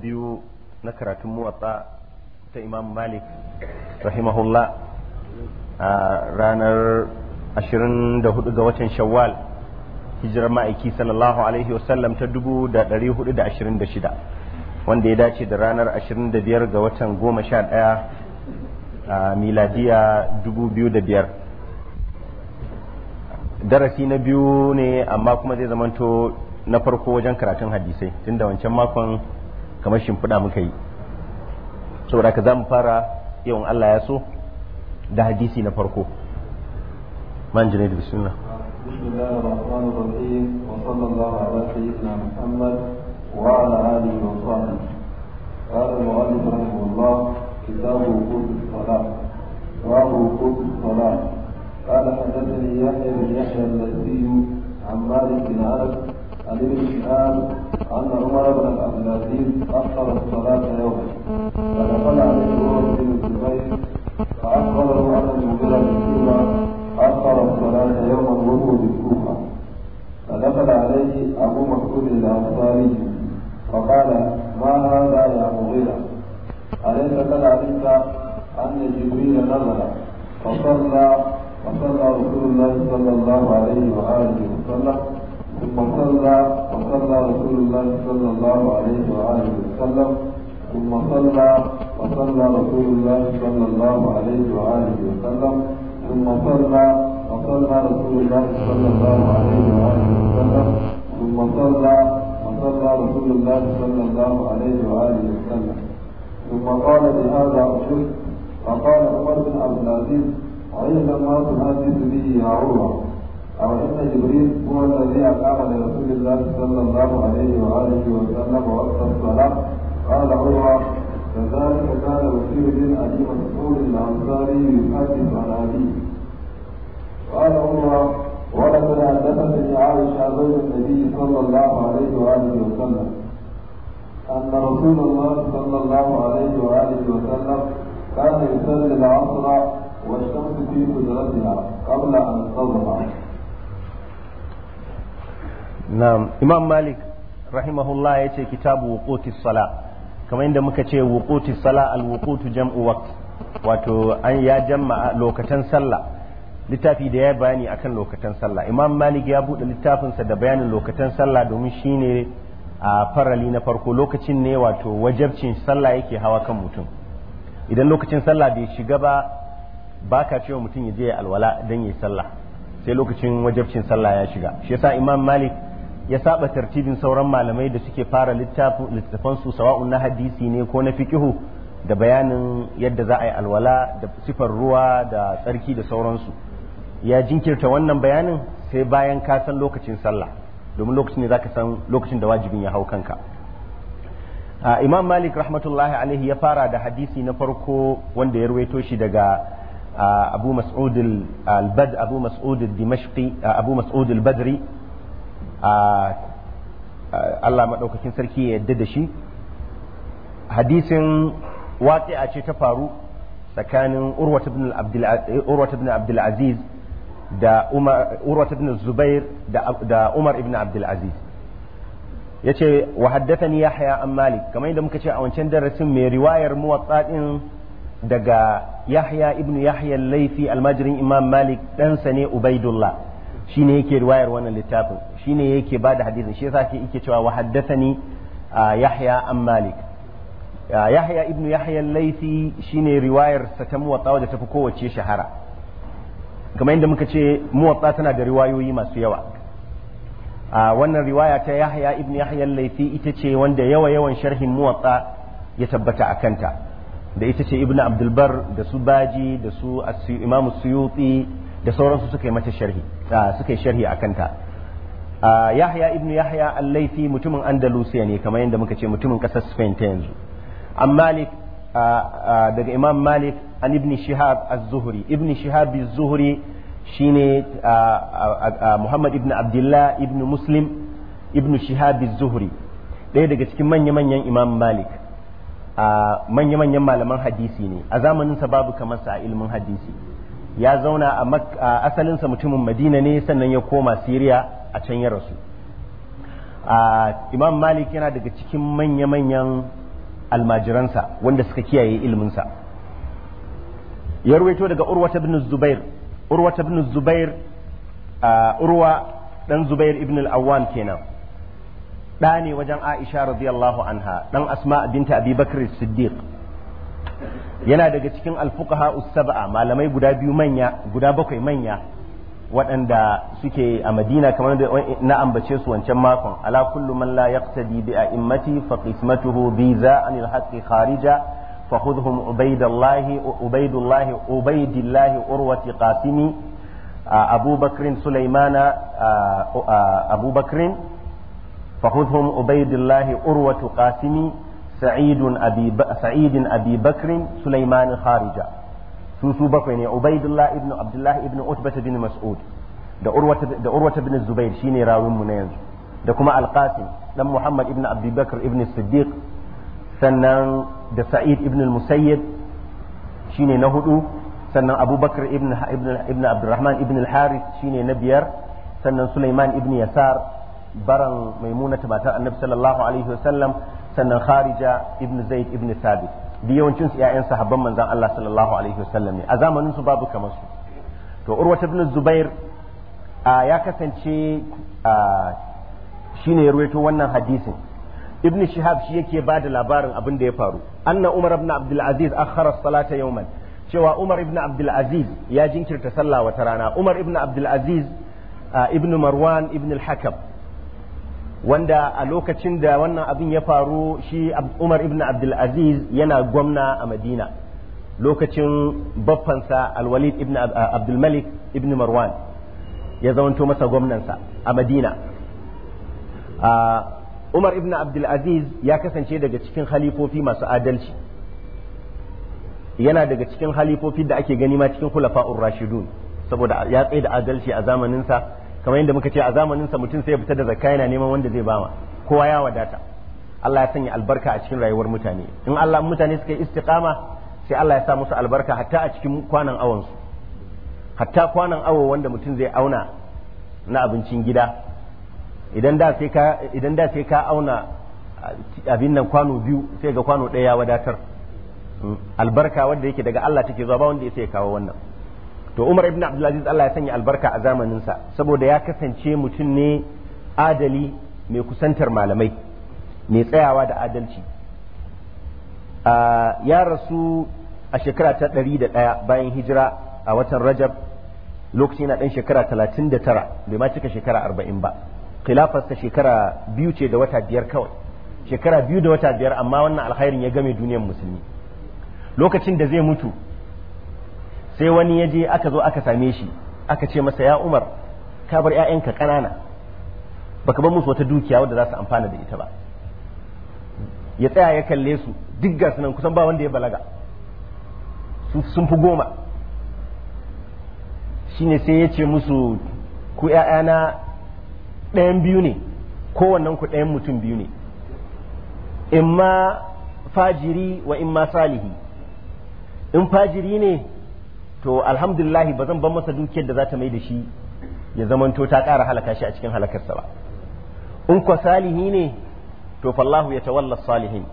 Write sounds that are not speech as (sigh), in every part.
biyu na karatun muwatsa ta imam malik rahimahullah a ranar 24 ga watan shawwal hijirar ma'aiki sallallahu alaihi wasallam ta 426 wanda ya dace da ranar 25 ga watan 11 a miladiya 2005 darasi na biyu ne amma kuma zai zamanto na farko wajen karatun hadisai tunda wancan makon kamar shimfiɗa muka yi saboda ka za mu fara yawan Allah ya so da hadisi na farko man jini da bismillah قال المؤلف رحمه الله كتاب وقود باب وقود قال حدثني يحيى بن يحيى عن مالك بن عن ابن شهاب أن عمر بن عبد العزيز أخر الصلاة يوما فدخل عليه عمر بن الزبير فأخبره أن المغيرة بن شيبة أخر الصلاة يوما وهو بالكوفة فدخل عليه أبو مسعود الأنصاري فقال ما هذا يا مغيرة أليس قد علمت أن جبريل نزل فصلى فصلى رسول الله صلى الله عليه وآله وسلم ثم صلى وصلى رسول الله صلى الله عليه وآله وسلم ثم صلى وصلى رسول الله صلى الله عليه وآله وسلم ثم صلى وصلى رسول الله صلى الله عليه وآله وسلم ثم صلى وصلى رسول الله صلى الله عليه وآله وسلم ثم قال بهذا أشد فقال عمر بن عبد العزيز أين ما تحدث به يا عمر أو إن جبريل هو الذي أقام لرسول الله صلى الله عليه وآله وسلم وقت الصلاة قال عمر كذلك كان بشير بن أبي مسعود الأنصاري يحدث عن أبيه قال عمر ولقد حدثتني عائشة زوج النبي صلى الله عليه وآله وسلم أن رسول الله صلى الله عليه وآله وسلم كان يصلي العصر والشمس في قدرتها قبل أن تظهر na'am imam malik rahimahullah ya ce kitabu wuqutis sala kamar inda muka ce wuqutis sala alwukutu wuqutu jam'u waqt wato an ya jamma lokacin salla littafi da ya bayani akan lokacin salla imam malik ya buɗe littafinsa da bayanin lokacin sallah domin shine a farali na farko lokacin ne wato wajabcin sallah yake hawa kan mutum idan lokacin sallah bai shiga ba baka cewa mutum ya je alwala dan yi sallah sai lokacin wajabcin sallah ya shiga shi yasa imam malik ya saba tartibin sauran malamai da suke fara littafan su sawa'un na hadisi ne ko na fikihu da bayanin yadda za a yi alwala da sifar ruwa da tsarki da sauransu ya jinkirta wannan bayanin sai bayan ka san lokacin sallah domin lokacin ne za ka san lokacin da wajibin ya hau kanka imam malik rahmatullahi alaihi ya fara da hadisi na farko wanda ya ruwaito shi daga abu mas'ud al abu mas'ud badri Allah maɗaukakin sarki ya yadda da shi hadisin waƙi'a ce ta faru tsakanin urwata ibn abdulaziz da urwata ibn zubair da umar ibn abdulaziz ya ce wa haddathani yahya an malik kamar yadda muka ce a wancan darasin mai riwayar muwatsa daga yahya ibn yahya laifi almajirin imam malik ɗansa ne ubaidullah shi ne yake riwayar wannan littafin shine yake ba da hadisin shi yasa yake cewa wa haddathani yahya an malik yahya ibn yahya al-laythi shine riwayar sa ta muwatta da tafi kowace shahara kamar yadda muka ce muwatta tana da riwayoyi masu yawa wannan riwaya ta yahya ibn yahya al-laythi ita ce wanda yawa yawan sharhin muwatta ya tabbata a kanta da ita ce ibn abdulbar da su baji da su imam suyuti da sauransu suka yi mata sharhi suka yi sharhi a kanta yahya ibnu yahya al-laifi mutumin andalusiya ne kamar yadda muka ce mutumin kasar spain ta yanzu an malik daga imam malik an Ibni shihab az-zuhri Ibni shihab az-zuhri shine muhammad ibnu abdullah ibnu muslim ibnu shihab az-zuhri ɗaya daga cikin manya-manyan imam malik manya-manyan malaman hadisi ne a sa babu kamar sa a ilimin hadisi ya zauna a asalinsa mutumin madina ne sannan ya koma siriya a can ya rasu imam malik yana daga cikin manya-manyan almajiransa wanda suka kiyaye ilminsa ya ruwaito daga urwata ibn zubair urwata ibn zubair urwa dan zubair ibn al-awwam kenan ɗa ne wajen aisha radiyallahu anha dan asma binta abi bakr siddiq yana daga cikin alfuqaha us-sab'a malamai guda biyu manya guda bakwai manya waɗanda suke a madina kamar da na ambace su wancan makon ala kullu man la yaqtadi bi a'immati fa qismatuhu bi za haqqi kharija fa khudhum ubaidallahi ubaidullahi ubaidillahi urwati qasimi abubakrin sulaimana abubakrin fa khudhum ubaidillahi urwatu qasimi سعيد أبي, سعيد أبي بكر سليمان خارجة su su bakwai ne ubaidullah ibn abdullah ibn utbah bin mas'ud da urwata da urwata bin zubair shine rawun mu na yanzu da kuma alqasim dan muhammad ibn abubakar ibn siddiq sannan da sa'id ibn al-musayyib shine na hudu sannan abubakar ibn ibn abdurrahman ibn al-harith shine na biyar sannan sulaiman ibn yasar baran maimuna matar annabi sallallahu alaihi wasallam sannan kharija ibn zaid ibn thabit da yawancin yayan ƴaƴan sahabban manzon Allah sallallahu alaihi wasallam ne a zamanin su babu kamar su to urwata ibn zubair ya kasance shine ya ruwaito wannan hadisin ibn shihab shi yake ba da labarin abin da ya faru anna umar ibn abdul aziz akhara salata yawman cewa umar ibn abdul aziz ya jinkirta sallah wata rana umar ibn abdul aziz ibn marwan ibn al-hakam wanda a lokacin da wannan abin ya faru shi Umar ibn Abdul yana gwamna a Madina lokacin baffansa alwalid walid ibn Abdul ibn Marwan ya zamanto masa gwamnansa a Madina Umar ibn Abdul ya kasance daga cikin halifofi masu adalci yana daga cikin halifofi da ake gani ma cikin khulafa'ur rashidun saboda ya tsaye da adalci a zamaninsa kamar yadda muka ce a zamanin sa mutum sai ya fita da zakka yana neman wanda zai bama kowa ya wadata Allah ya sanya albarka a cikin rayuwar mutane in Allah mutane suka yi istiqama sai Allah ya sa musu albarka hatta a cikin kwanan awon su hatta kwanan awo wanda mutum zai auna na abincin gida idan da sai ka idan da sai ka auna eh, abin nan kwano biyu sai ga kwano ɗaya ya wadatar mm. albarka wanda yake daga Allah take zuwa ba wanda ya sai kawo wannan to Umar ibn Abdulaziz Allah ya sanya albarka a zamaninsa saboda ya kasance mutum ne adali mai kusantar malamai mai tsayawa da adalci ya rasu a shekara ta ɗari da ɗaya bayan hijira a watan Rajab lokaci na ɗan shekara talatin da tara bai ma cika shekara arba'in ba khilafarsa shekara biyu ce da wata biyar kawai shekara biyu da wata biyar amma wannan alkhairin ya game duniyar musulmi lokacin da zai mutu sai wani ya je aka zo aka same shi aka ce masa ya umar ka bar ƴaƴanka ƙanana baka bar musu wata dukiya wadda za su amfana da ita ba ya tsaya ya kalle su duk ga nan kusan ba wanda ya balaga sun fi goma shine sai ya ce musu ku ƴaƴana ɗayan biyu ne kowannen ku ɗayan mutum biyu ne in ma fajiri wa in ma salihi in fajiri ne to alhamdulillah ba zan ban masa dukiyar da za ta mai da shi ya zamanto ta ƙara halaka shi a cikin halakarsa ba in kwa salihi ne to fallahu ya tawalla salihin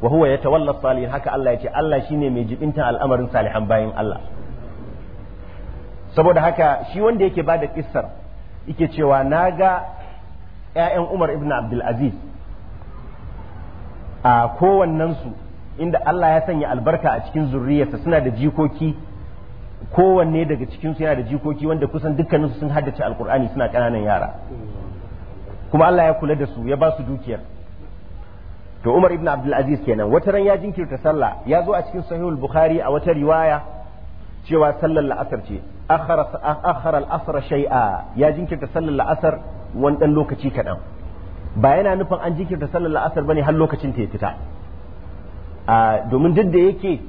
wa huwa ya tawalla salihin haka Allah ya ce Allah shine mai jibinta al'amarin salihan bayan Allah saboda haka shi wanda yake ba da kissar yake cewa na ga 'ya'yan Umar ibn Abdul Aziz a kowannensu inda Allah ya sanya albarka a cikin zurriyarsa suna da jikoki kowanne daga cikinsu yana da jikoki wanda kusan dukkaninsu sun haddace alkur'ani suna ƙananan yara kuma Allah ya kula da su ya ba su dukiyar to Umar ibn Abdul Aziz kenan wata ran ya jinkirta sallah ya zo a cikin sahihul bukhari a wata riwaya cewa sallar la'asar ce akhara al-asr shay'a ya jinkirta sallar la'asar wani dan lokaci kaɗan ba yana nufin an jinkirta sallar la'asar bane har lokacin ta ya fita domin duk da yake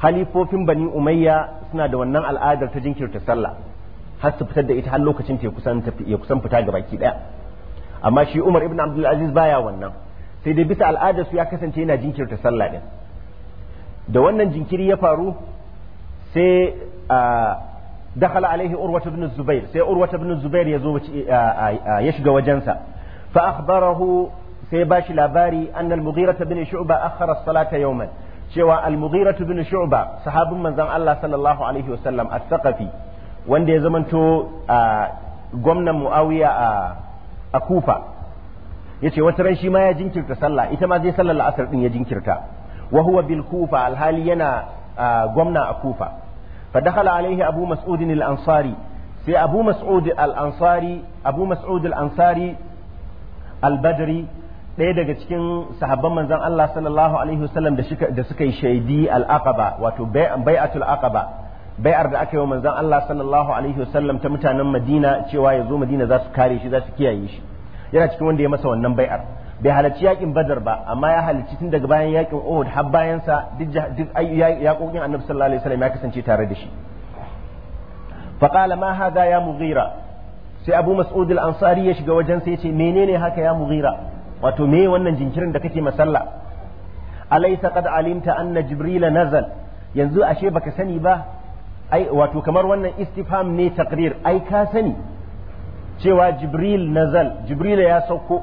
halifofin bani umayya suna da wannan al'adar ta jinkirta sallah har su fitar da ita har lokacin ta kusan ya kusan fita ga baki daya amma shi Umar ibn Abdul Aziz baya wannan sai dai bisa al'adar su ya kasance yana jinkirta sallah din da wannan jinkiri ya faru sai dakhala alaihi Urwa ibn Zubair sai Urwa ibn Zubair ya zo ya shiga wajensa fa akhbarahu sai bashi labari annal al-Mughira ibn Shu'ba akhara as-salata yawman cewa al-mughira ibn shu'ba sahabin manzon Allah sallallahu alaihi wasallam as-saqafi wanda ya zamanto gwamnan muawiya a kufa yace wata ran shi ma ya jinkirta sallah ita ma zai sallar la'asar din ya jinkirta wa huwa bil kufa alhali yana gwamna a kufa fa dakhala alaihi abu mas'ud al-ansari sai abu mas'ud al-ansari abu mas'ud al-ansari al-badri ɗaya daga cikin sahabban manzon Allah sallallahu alaihi wasallam da suka yi shaidi al-aqaba wato bai'atul aqaba bai'ar da aka yi wa manzon Allah sallallahu alaihi wasallam ta mutanen Madina cewa ya zo Madina za su kare shi za su kiyaye shi yana cikin wanda ya masa wannan bai'ar bai halarci yakin Badar ba amma ya halarci tun daga bayan yakin Uhud har bayan sa duk yaƙoƙin Annabi sallallahu alaihi wasallam ya kasance tare da shi faqala ma hadha ya Mughira sai Abu Mas'ud al-Ansari ya shiga wajen sai ya ce menene haka ya Mughira wato me wannan jinkirin da kake masalla alaysa qad alimta anna jibrila nazal yanzu ashe baka sani ba ai wato kamar wannan istifham ne taqrir ai ka sani cewa jibril nazal jibrila ya sauko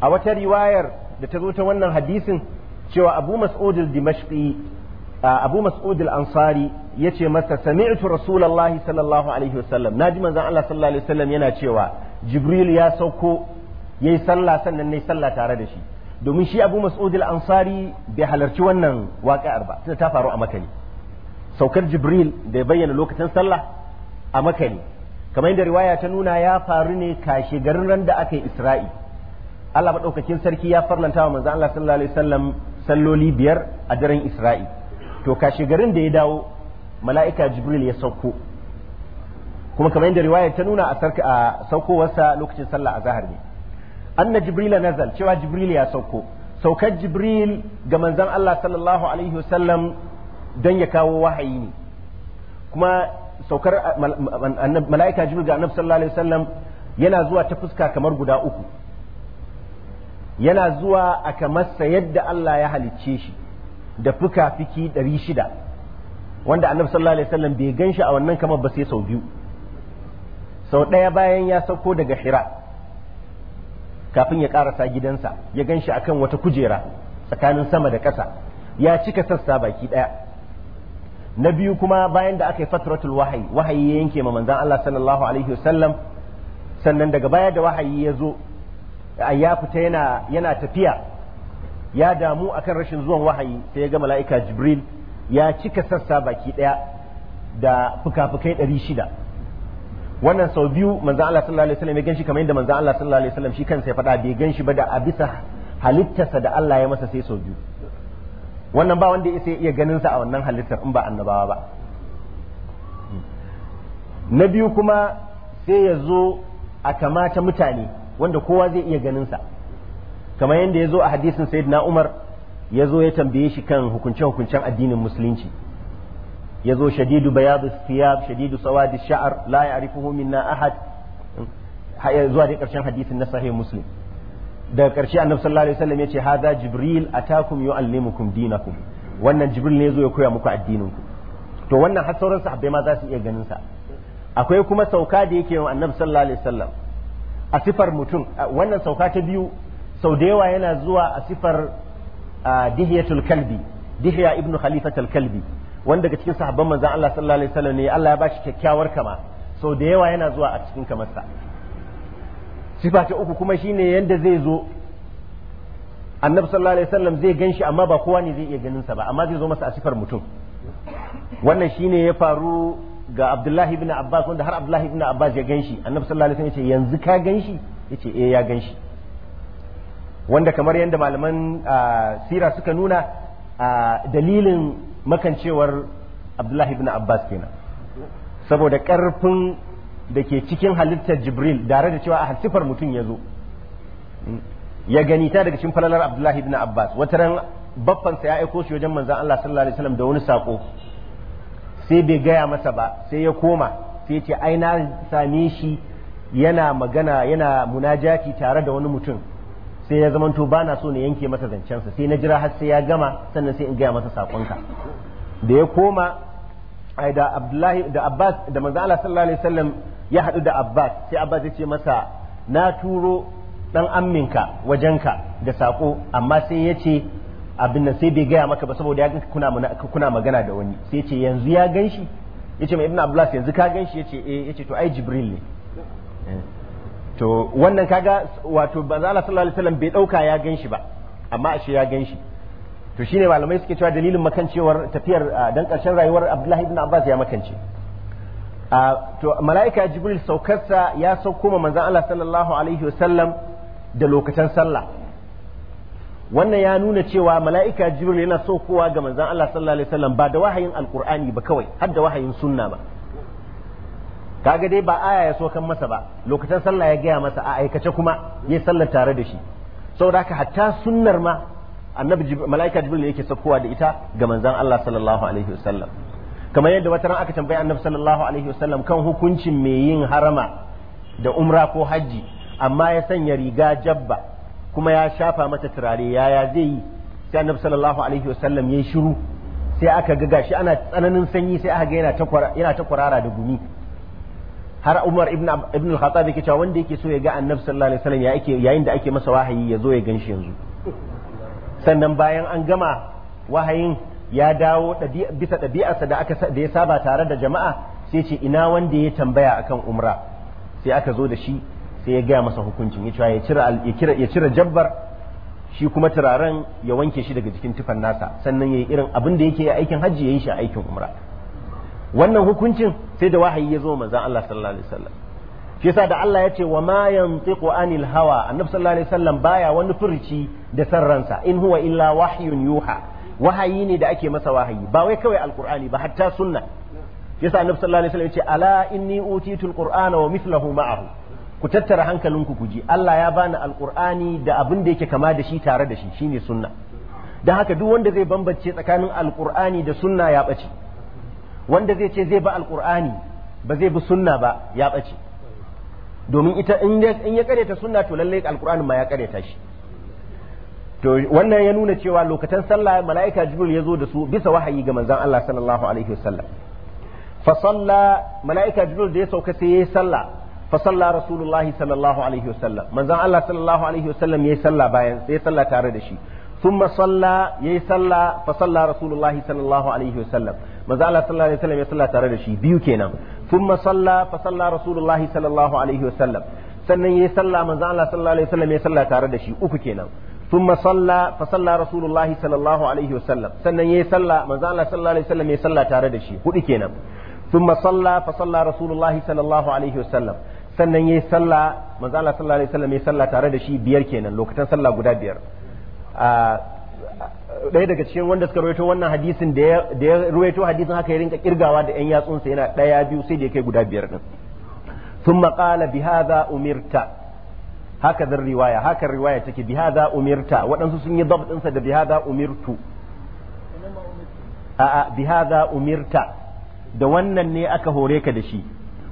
a wata riwayar da ta zo ta wannan hadisin cewa abu mas'ud al-dimashqi abu mas'ud al-ansari yace masa sami'tu rasulullahi sallallahu alaihi wasallam naji manzon Allah sallallahu alaihi wasallam yana cewa jibril ya sauko ya yi sallah sannan yi sallah tare da shi domin shi Abu Mas'ud al-Ansari bai halarci wannan waƙa'ar ba tunda ta faru a makani. saukar Jibril da ya bayyana lokacin sallah a makani kamar yadda riwaya ta nuna ya faru ne kashe garin ran da aka yi Isra'i Allah ɗaukakin sarki ya farlanta wa manzo Allah sallallahu alaihi wasallam salloli biyar a daren Isra'i to kashe garin da ya dawo mala'ika Jibril ya sauko kuma kamar yadda riwaya ta nuna a saukowarsa lokacin sallah a zahar ne anna Jibril nazal cewa jibril ya sauko saukar jibril ga manzon Allah sallallahu alaihi wasallam dan ya kawo wahayi ne kuma saukar mala'ika jibril ga annabi sallallahu alaihi wasallam yana zuwa ta fuska kamar guda uku yana zuwa a kamarsa yadda Allah ya halicce shi da fuka-fiki ɗari shida wanda annabi sallallahu alaihi wasallam bai gan shi a wannan kamar ba sai sau biyu sau ɗaya bayan ya sauko daga hira kafin ya karasa gidansa ya gan shi akan wata kujera tsakanin sama da ƙasa ya cika sassa baki ɗaya na biyu kuma bayan da aka yi fatratul wahayi wahayi ya yanke ma manzan Allah sallallahu alaihi wasallam sannan daga baya da wahayi ya zo ya fita yana yana tafiya ya damu akan rashin zuwan wahayi sai ya ga mala'ika jibril ya cika sassa baki ɗaya da fuka-fukai ɗari shida wannan sau biyu manzo Allah sallallahu alaihi wasallam ya ganshi kamar yadda manzo Allah sallallahu alaihi wasallam shi kansa ya faɗa bai ganshi ba da a bisa halittarsa da Allah ya masa sai sau biyu wannan ba wanda ya iya ganin sa a wannan halittar in ba annabawa ba na biyu kuma sai ya zo a kamata mutane wanda kowa zai iya ganin sa kamar yadda ya zo a hadisin sayyidina Umar ya zo ya tambaye shi kan hukunce-hukuncen addinin musulunci yazo shadidu bayadu thiyab shadidu sawadi sha'r la ya'rifuhu minna ahad eh, zuwa da karshen hadisin na sahih muslim daga karshe annabi sallallahu alaihi wasallam yace hadha jibril atakum yuallimukum dinakum wannan jibril ne yazo ya koya muku addinin ku to wannan har sauran sahabbai ma za su iya ganin sa akwai kuma sauka da yake yawan annabi sallallahu alaihi wasallam a sifar mutum wannan sauka ta biyu sau da yawa yana zuwa a sifar dihiyatul kalbi dihiya ibnu khalifatul kalbi wanda daga cikin sahabban manzon Allah sallallahu alaihi wasallam ne Allah ya bashi kyakkyawar kama sau da yawa yana zuwa a cikin kamarsa sifa ta uku kuma shine yanda zai zo annabi sallallahu alaihi wasallam zai ganshi amma ba kowa ne zai iya ganin sa ba amma zai zo masa a sifar mutum wannan shine ya faru ga Abdullahi ibn Abbas wanda har Abdullahi ibn Abbas ya ganshi annabi sallallahu alaihi wasallam ya ce yanzu ka ganshi yace eh ya ganshi wanda kamar yadda malaman ah, sira suka nuna ah, dalilin makancewar abdullahi ibn abbas kenan saboda ƙarfin da ke cikin halittar jibril tare da cewa a halittar mutum ya zo ya gani ta daga cikin falalar abdullahi ibn abbas wata ran baffansa ya aiko shi wajen manzan allah sallallahu alaihi wasallam da wani sako sai bai gaya masa ba sai ya koma sai ce ai na same shi yana magana yana munajati tare da wani mutum sai ya zamanto ba na so na yanke masa zancensa sai na jira har sai ya gama sannan sai in gaya masa sakonka da ya koma ai da abdullahi da abbas da manzo Allah sallallahu alaihi wasallam ya hadu da abbas sai abbas ya ce masa na turo dan amminka wajenka da sako amma sai ya ce abin nan sai bai gaya maka ba saboda ya ganka kuna kuna magana da wani sai ce yanzu ya ganshi yace mai ibnu abbas yanzu ka ganshi ce eh yace to ai jibril ne eh. to wannan kaga wato manzo Allah sallallahu alaihi wasallam bai dauka ya ganshi ba amma ashe ya ganshi to shine malamai suke cewa dalilin makancewar tafiyar dan karshen rayuwar Abdullahi ibn Abbas ya makance to mala'ika Jibril saukarsa ya sauko ma manzo Allah sallallahu alaihi wasallam da lokacin sallah wannan ya nuna cewa mala'ika Jibril yana saukowa ga manzo Allah sallallahu alaihi wasallam ba da wahayin alqur'ani ba kawai har da wahayin sunna ba kaga dai ba aya ya so kan masa ba lokacin sallah ya gaya masa a aikace kuma ya sallar tare da shi saboda haka hatta sunnar ma annabi malaika jibril yake saukowa da ita ga manzon Allah sallallahu alaihi wasallam kamar yadda wata ran aka tambayi annabi sallallahu alaihi wasallam kan hukuncin mai yin harama da umra ko hajji amma ya sanya riga jabba kuma ya shafa mata turare yaya zai yi sai annabi sallallahu alaihi wasallam ya shiru sai aka ga gashi ana tsananin sanyi sai aka ga yana ta yana ta da gumi har Umar ibn ibn al-Khattab yake cewa wanda yake so ya ga Annabi sallallahu alaihi wasallam ya yake yayin da ake masa wahayi ya zo ya ganshi yanzu sannan bayan an gama wahayin ya dawo bisa ɗabi'arsa da aka da ya saba tare da jama'a sai ce ina wanda ya tambaya akan umra sai aka zo da shi sai ya gaya masa hukuncin ya cewa ya cire jabbar shi kuma turaren ya wanke shi daga jikin tufan nasa sannan ya yi irin abin da yake aikin hajji ya yi shi a aikin umra wannan hukuncin sai da wahayi ya zo manzon Allah sallallahu alaihi wasallam shi yasa da Allah ya ce wa ma yantiqu anil hawa annabi sallallahu alaihi wasallam baya wani furici da ransa in huwa illa wahyun yuha wahayi ne da ake masa wahayi ba wai kawai alqur'ani ba hatta sunna yasa annabi sallallahu alaihi wasallam ya ce ala inni utitul qur'ana wa mithluhu ma'ahu ku tattara hankalinku ku ji Allah ya bani alqur'ani da abin da yake kama da shi tare da shi shine sunna dan haka duk wanda zai bambance tsakanin alqur'ani da sunna ya bace wanda zai ce zai ba alkur'ani ba zai bi sunna ba ya ɓace domin ita in ya kareta sunna to lallai alkur'ani ma ya kareta shi to wannan ya nuna cewa lokacin sallah mala'ika jibril ya zo da su bisa wahayi ga manzon Allah sallallahu alaihi wasallam fa salla mala'ika jibril da ya sauka sai yayi sallah fa salla rasulullahi sallallahu alaihi wasallam manzon Allah sallallahu alaihi wasallam yayi sallah bayan sai sallah tare da shi thumma salla yayi salla fa salla rasulullahi sallallahu alaihi wasallam manzo Allah sallallahu ya salla tare da shi biyu kenan thumma salla fa salla rasulullahi sallallahu alaihi wasallam sannan yayi salla manzo Allah sallallahu alaihi wasallam ya salla tare da shi uku kenan ثم salla fa salla الله صلى الله عليه وسلم سنن يي صلى من الله صلى الله ya salla tare da shi hudu kenan ثم salla fa salla الله صلى الله عليه sannan yayi sallah manzo Allah sallallahu alaihi wasallam yayi tare da shi biyar kenan lokacin sallah guda biyar ɗaya daga cikin wanda suka ruwaito wannan hadisin da ya ruwaito hadisin haka ya rinka kirgawa da ƴan yatsunsa yana ɗaya biyu sai da ya kai guda biyar ɗin sun maƙala biha haza umirta haka zan riwaya haka riwaya take biha haza umirta waɗansu sun yi zab ɗinsa da biha haza umirtu a'a biha haza umirta da wannan ne aka hore ka da shi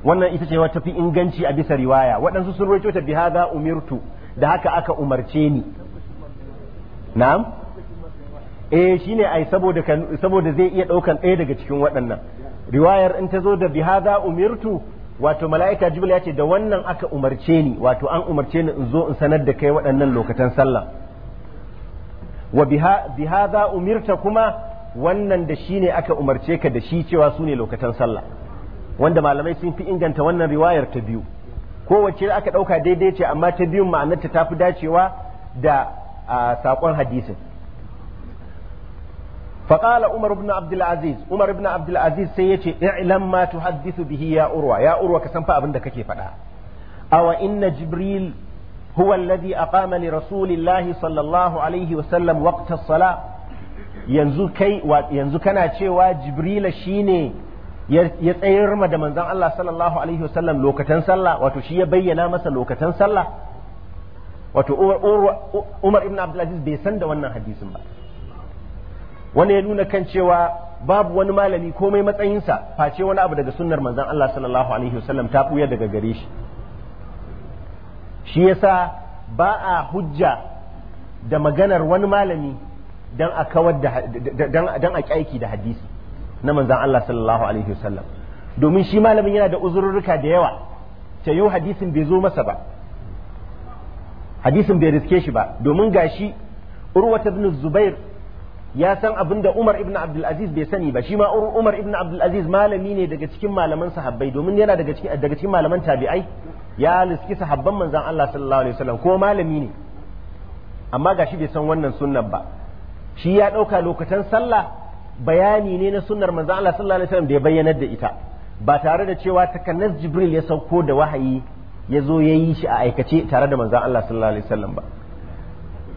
wannan ita ce wata fi inganci a bisa riwaya waɗansu sun ruwaito ta biha haza umirtu da haka aka umarce ni na'am eh shine ai saboda saboda zai iya daukan ɗaya daga cikin waɗannan riwayar in ta zo da bihaza umirtu wato mala'ika jibril ya ce da wannan aka umarce ni wato an umarce ni in zo in sanar da kai waɗannan lokacin sallah wa bihaza umirta kuma wannan da shine aka umarce ka da shi cewa su ne lokacin sallah wanda malamai sun fi inganta wannan riwayar ta biyu kowace aka ɗauka daidai ce amma ta biyun ma'anarta ta fi dacewa da a saƙon hadisin Umar Ibn Abdulaziz sai العزيز عمر بن عبد العزيز سيتي اعلم ما تحدث به يا أروى يا أروى كسنفا أبن دككي فدا أو إن جبريل هو الذي أقام لرسول yanzu kai yanzu kana cewa jibrila shine ya tsayar ma da manzon Allah sallallahu alaihi wasallam lokacin sallah wato shi ya bayyana masa lokacin sallah wato Umar ibn Abdulaziz bai san da wannan hadisin ba wani ya nuna kan cewa babu wani malami komai matsayinsa face wani abu daga sunnar manzon Allah sallallahu alaihi wasallam ta buya daga gare shi shi yasa ba a hujja da maganar wani malami dan a kawar da dan a kyaiki da hadisi na manzon Allah sallallahu alaihi wasallam domin shi malamin yana da uzururuka da yawa ta hadisin bai zo masa ba hadisin bai riske shi ba domin gashi ta ibn zubair ya san abin da umar ibn abdulaziz bai sani ba shi ma umar ibn abdulaziz malami ne daga cikin malaman sahabbai domin yana daga cikin daga cikin malaman tabi'ai ya riske sahabban manzon Allah sallallahu alaihi wasallam ko malami ne amma gashi bai san wannan sunnan ba shi ya dauka lokacin sallah bayani ne na sunnar manzon Allah sallallahu alaihi wasallam da ya bayyana da ita ba tare da cewa takanas jibril ya sauko da wahayi ya zo ya yi shi a aikace tare da manzan Allah sallallahu Alaihi wasallam ba.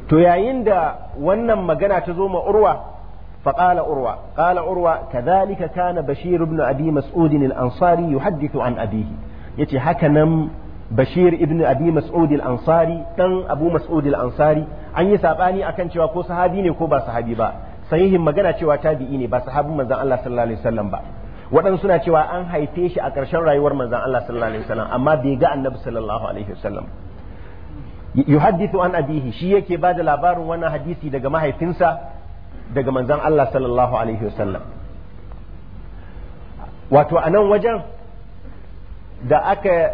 To yayin da wannan magana ta zo ma Urwa, faƙala Urwa, ƙala Urwa, ka zalika kana Bashir ibn Abi Mas'udin al-Ansari yuhaddithu an abihi. Yace haka nan Bashir ibn Abi Mas'ud al-Ansari dan Abu Mas'ud al-Ansari an yi sabani akan cewa ko sahabi ne ko ba sahabi ba. Sahihin magana cewa tabi'i ne ba sahabin manzon Allah sallallahu alaihi wasallam ba. waɗansu suna cewa an haife shi a ƙarshen rayuwar manzan Allah sallallahu alaihi wasallam amma bai ga annabi sallallahu alaihi wasallam yuhaddithu an abihi shi yake ba da labarin wannan hadisi daga mahaifinsa daga manzan Allah sallallahu alaihi wasallam wato a nan wajen da aka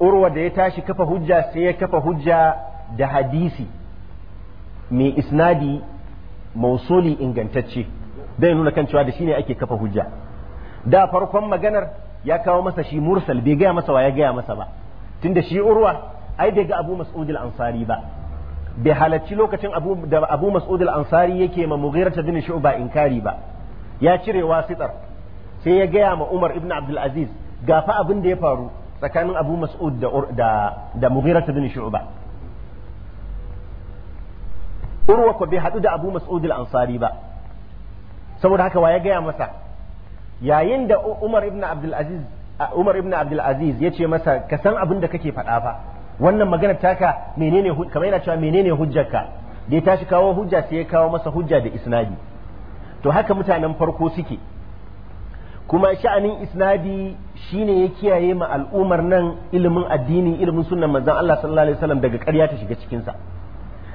urwa da ya tashi kafa hujja sai ya kafa hujja da hadisi mai isnadi mausuli ingantacce don nuna kan cewa da shi ne ake kafa hujja da farkon maganar ya kawo masa shi mursal bai gaya masa wa ya gaya masa ba tunda shi urwa ai bai ga abu mas'ud al-ansari ba bai halarci lokacin abu da abu mas'ud al-ansari yake ma mughira ta dinin shu'ba inkari ba ya cire wasitar sai ya gaya ma umar ibn abdul aziz gafa abin da ya faru tsakanin abu mas'ud da da mughira ta dinin shu'ba urwa ko bai hadu da abu mas'ud al-ansari ba saboda haka wa ya gaya masa yayin da Umar ibn Abdul Aziz Umar ibn Abdul Aziz ya ce masa ka san abin da kake faɗa fa wannan magana taka menene kamar yana cewa menene hujjarka da ya tashi kawo hujja sai ya kawo masa hujja da isnadi to haka mutanen farko suke kuma sha'anin isnadi shine ya kiyaye ma al'umar nan ilimin addini ilimin sunnan manzon Allah sallallahu alaihi wasallam daga ƙarya ta shiga cikin sa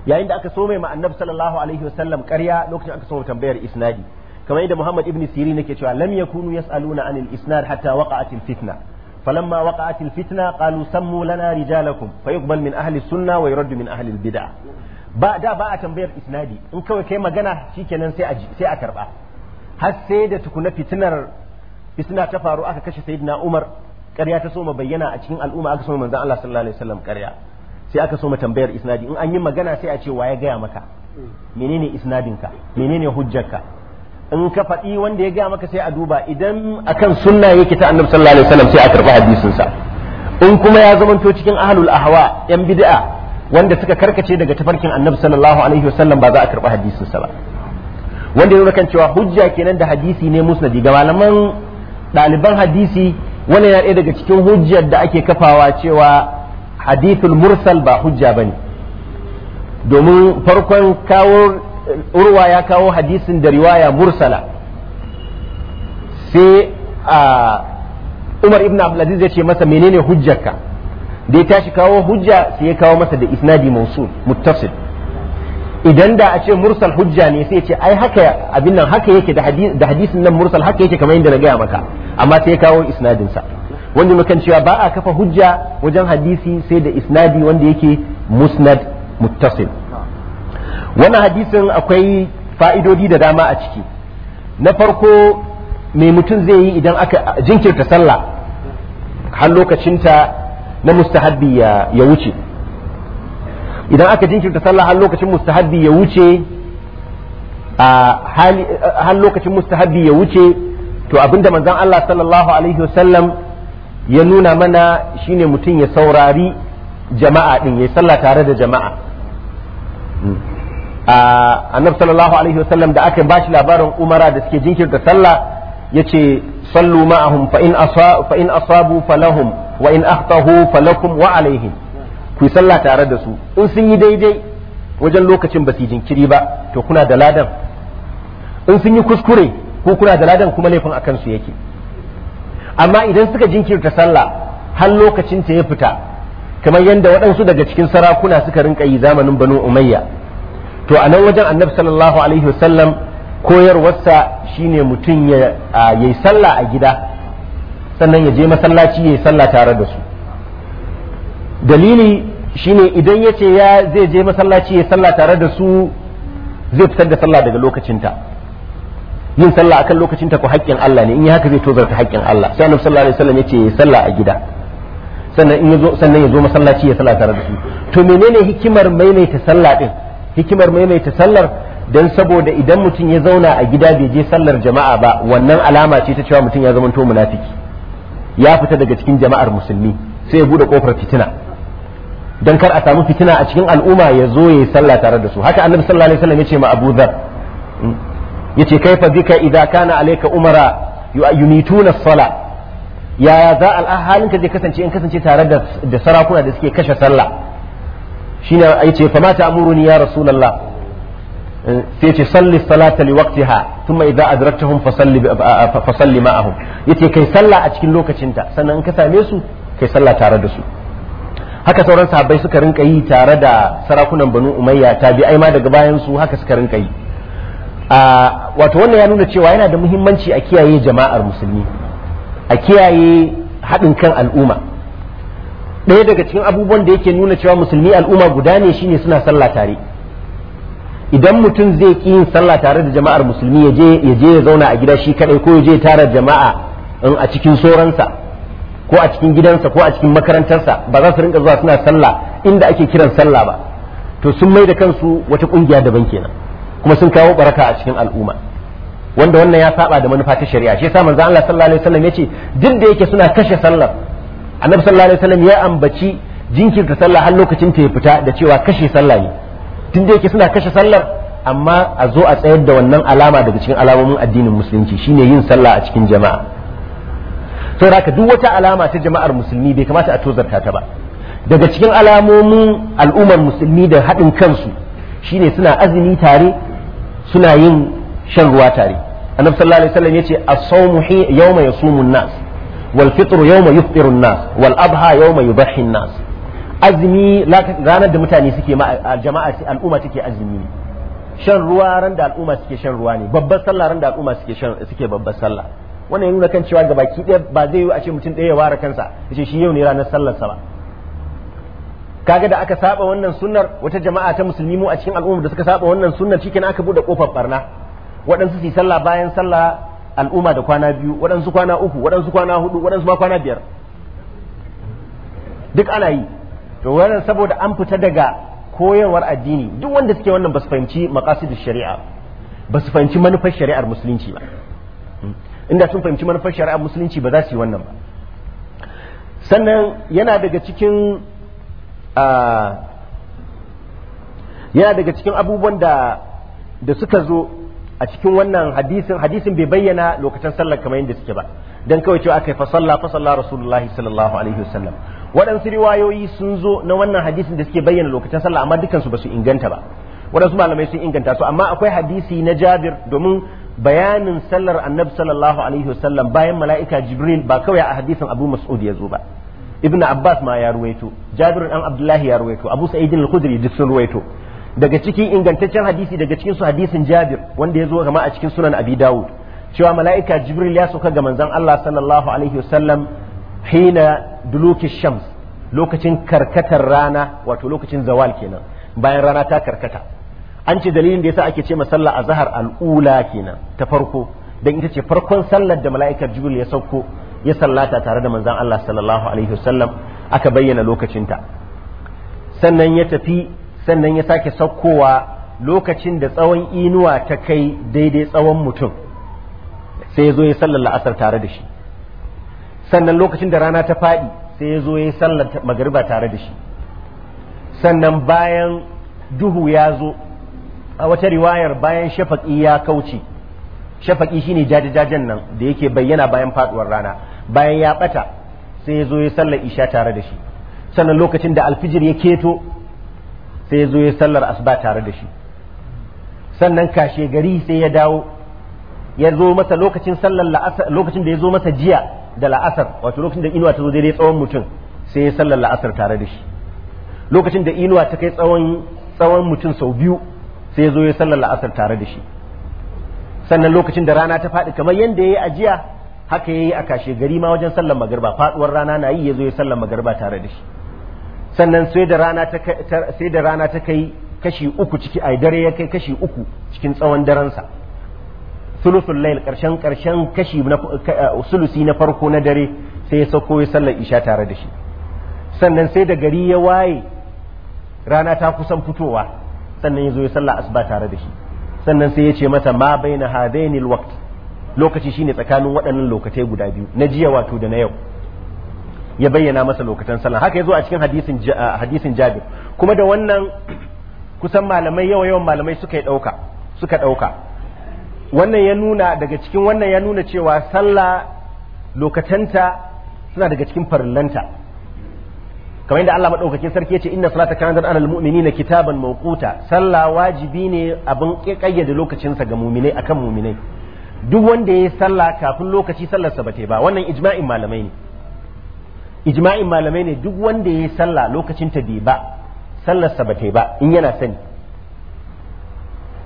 yayin da aka so mai ma annabi sallallahu alaihi wasallam ƙarya lokacin aka so tambayar isnadi kamar da Muhammad ibn Sirin yake cewa lam yakunu yas'aluna anil isnad hatta waqa'at al fitna falamma waqa'at al fitna qalu sammu lana rijalakum fayuqbal min ahli sunna wa yurad min ahli al bid'ah ba da ba a tambayar isnadi in kawai kai magana shikenan sai a sai a karba har sai da tukuna fitinar fitina ta faru aka kashe sayyidina Umar ƙarya ta soma bayyana a cikin al'umma aka soma manzon Allah sallallahu alaihi sai aka soma tambayar isnadi in an yi magana sai a ce wa ya gaya maka menene isnadinka menene hujjarka in ka faɗi wanda ya gaya maka sai a duba idan akan sunna yake ta annabi sallallahu alaihi wasallam sai a karɓi hadisin in kuma ya zamanto cikin ahlul ahwa yan bid'a wanda suka karkace daga tafarkin annabi sallallahu alaihi wasallam ba za a karɓi hadisin ba wanda yana kan cewa hujja kenan da hadisi ne musnadi ga malaman ɗaliban hadisi wannan yana ɗaya daga cikin hujjar da ake kafawa cewa hadithul mursal ba hujja bane domin farkon kawo urwa ya kawo hadisin da riwaya mursala sai umar ibn abdulaziz ya ce masa menene hujjarka da ya tashi kawo hujja sai ya kawo masa da isnadi mausul muttasil idan da a ce mursal hujja ne sai ce ai haka abin nan haka yake da hadisin nan mursal haka yake kamar yadda na gaya maka amma sai ya kawo isnadin sa wanda mukan cewa ba a kafa hujja wajen hadisi sai da isnadi wanda yake musnad muttasil wannan hadisin akwai fa'idodi da dama a ciki na farko mai mutum zai yi idan aka jinkirta sallah har lokacinta na mustahabbi ya wuce idan aka jinkirta sallah har lokacin mustahabbi ya wuce a har lokacin mustahabbi ya wuce to abinda manzan Allah sallallahu alaihi wasallam ya nuna mana shine mutum ya saurari jama'a din ya sallah tare da jama'a hmm. annabi sallallahu alaihi wasallam da aka bashi labarin umara da suke jinkirta sallah yace sallu ma'ahum fa in asa fa in asabu falahum wa in ahtahu falakum wa alaihim ku sallah tare da su in sun yi daidai wajen lokacin ba su jinkiri ba to kuna da ladan in sun yi kuskure ko kuna da ladan kuma laifin akan su yake amma idan suka jinkirta sallah har lokacin ta ya fita kamar yadda waɗansu daga cikin sarakuna suka rinka yi zamanin banu umayya to a nan wajen annabi sallallahu alaihi wasallam koyarwarsa shine mutum ya yi sallah a gida sannan ya je masallaci ya yi sallah tare da su dalili shine idan ya ce ya zai je masallaci ya sallah tare da su zai fitar da sallah daga lokacinta yin sallah akan lokacinta ko haƙƙin Allah ne in yi haka zai tozarta haƙƙin Allah sai annabi sallallahu alaihi wasallam ya ce ya sallah a gida sannan in ya zo sannan ya zo masallaci ya sallah tare da su to menene hikimar maimaita sallah din hikimar maimaita sallar don saboda idan mutum ya zauna a gida bai je sallar jama'a ba wannan alama ce ta cewa mutum ya zamanto munafiki ya fita daga cikin jama'ar musulmi sai ya bude kofar fitina don kar a samu fitina a cikin al'umma ya zo ya yi sallah tare da su haka annabi sallallahu alaihi wasallam yace ma Abu Dhar mm, yace kaifa bika idza kana alayka umara yunituna as sala yaya za al ka zai kasance in kasance tare da sarakuna da suke kashe sallah shine ai ce fa mata amuruni ya rasulullah eh, sai ce salli salata li waqtiha thumma idza adraktahum fa salli fa salli ma'ahum yace kai sallah a cikin lokacinta sannan in ka same su kai sallah tare da su haka sauran sahabbai suka rinka yi tare da sarakunan banu umayya tabi'ai ma daga bayan su haka suka rinka yi a wato wannan ya nuna cewa yana da muhimmanci a kiyaye jama'ar musulmi a kiyaye haɗin kan al'umma ɗaya daga cikin abubuwan da yake nuna cewa musulmi al'umma guda ne shine suna sallah tare idan mutum zai ki yin sallah tare da jama'ar musulmi ya je ya zauna a gida shi kaɗai ko ya je tara jama'a in a cikin soransa ko a cikin gidansa ko a cikin makarantarsa ba za su rinka zuwa suna sallah inda ake kiran sallah ba to sun mai da kansu wata kungiya daban kenan kuma sun kawo baraka a cikin al'umma wanda wannan ya saba da manufa ta shari'a shi yasa manzo Allah sallallahu alaihi wasallam yace duk da yake suna kashe sallah annabi sallallahu alaihi wasallam ya ambaci jinkirta sallah har lokacin ta ya fita da cewa kashe sallah ne tun da yake suna kashe sallar amma a zo a tsayar da wannan alama daga cikin alamomin addinin musulunci shine yin sallah a cikin jama'a sai raka duk wata alama ta jama'ar musulmi bai kamata a tozarta ta ba daga cikin alamomin al'ummar musulmi da haɗin kansu shine suna azumi tare suna yin shan ruwa tare annabi sallallahu alaihi wasallam yace as-sawmu yawma yasumun nas wal fitr yawma yufṭiru an-nas wal adha yawma yudhhi an-nas azumi ranar da mutane suke ma jama'a al'umma take azumi shan ruwa ran da al'umma suke shan ruwa ne babbar sallah ran da al'umma suke shan suke babbar sallah wannan yana kan cewa gabaki ɗaya ba zai yi a ce mutum ɗaya ya ware kansa yace shi yau ne ranar sallar sa ba kaga da aka saba wannan sunnar wata jama'a ta musulmi mu a cikin al'umma da suka saba wannan sunnar cikin aka bude kofar barna waɗansu su sallah bayan sallah al'umma da kwana biyu waɗansu kwana uku waɗansu kwana hudu waɗansu ma kwana biyar duk ana yi to wannan saboda an fita daga koyarwar addini duk wanda suke wannan ba su fahimci maqasidish shari'a ba su fahimci manufar shari'ar musulunci ba inda sun fahimci manufar shari'ar musulunci ba za su yi wannan ba sannan yana daga cikin yana daga cikin abubuwan da da suka zo a cikin wannan hadisin hadisin bai bayyana lokacin sallar kamar yadda suke ba dan kawai cewa aka fa sallah fasalla rasulullahi sallallahu alaihi wasallam waɗansu riwayoyi sun zo na wannan hadisin da suke bayyana lokacin sallah amma dukansu ba su inganta ba waɗansu malamai sun inganta su amma akwai hadisi na Jabir domin bayanin sallar annabi sallallahu alaihi wasallam bayan mala'ika Jibril ba kawai a hadisin Abu Mas'ud ya zo ba Ibn Abbas ma ya ruwaito Jabir dan Abdullahi ya ruwaito Abu Sa'id al-Khudri duk sun ruwaito daga cikin ingantaccen hadisi daga cikin su hadisin Jabir wanda ya zo kama a cikin sunan Abi Dawud cewa mala'ika Jibril ya sauka ga manzon Allah sallallahu alaihi wasallam hina duluki shams lokacin karkatar rana wato lokacin zawal kenan bayan rana ta karkata an ce dalilin da yasa ake ce masalla a zahar al'ula kenan ta farko dan ita ce farkon sallar da mala'ikar Jibril ya sauko ya sallata tare da manzon Allah sallallahu alaihi wasallam aka bayyana lokacinta sannan ya tafi sannan ya sake saukowa lokacin da tsawon inuwa ta kai daidai tsawon mutum sai ya zo ya sallar la'asar tare da shi sannan lokacin da rana ta faɗi sai ya zo ya sallar magariba tare da shi sannan bayan duhu ya zo a wata riwayar bayan shafaƙi ya kauce shafaƙi shine jajajajen nan da yake bayyana bayan faduwar rana bayan ya ɓata sai ya zo ya sallar isha tare da shi sannan lokacin da alfijir ya keto sai ya zo ya sallar asuba tare da shi sannan kashe gari sai ya dawo ya zo masa lokacin sallar la'asar lokacin da ya zo masa jiya da la'asar wato lokacin da inuwa ta zo daidai tsawon mutum sai ya sallar la'asar tare da shi lokacin da inuwa ta kai tsawon tsawon mutum sau biyu sai ya zo ya sallar la'asar tare da shi sannan lokacin da rana ta faɗi kamar yadda ya yi a jiya haka ya yi a kashe gari ma wajen sallar magarba faɗuwar rana na yi ya zo ya sallar magarba tare da shi sannan sai da rana ta sai da rana ta kai kashi uku ciki ai dare ya kai kashi uku cikin tsawon daren sa sulusul layl karshen karshen kashi na uh, sulusi na farko na dare sai ya sako ya sallar isha tare da shi sannan sai da gari ya waye rana ta kusan fitowa sannan ya zo ya sallar asuba tare da shi sannan sai ya ce mata ma baina hadaini lokaci shine tsakanin waɗannan lokatai guda biyu na jiya wato da na yau ya bayyana masa lokacin sallah haka yazo a cikin hadisin hadisin Jabir kuma da wannan kusan malamai yawa yawan malamai suka dauka suka dauka wannan ya nuna daga cikin wannan ya nuna cewa sallah lokacinta suna daga cikin farillanta kamar yadda Allah madaukakin sarki yace inna salata dan alal mu'minina kitaban mawquta sallah wajibi ne abin kayyade lokacin sa ga mu'minai akan mu'minai duk wanda ya yi sallah kafin lokaci sallar sa yi ba wannan ijma'in malamai ne ijma'in malamai ne duk wanda ya yi sallah lokacin ta bai ba sallarsa ba ta ba in yana sani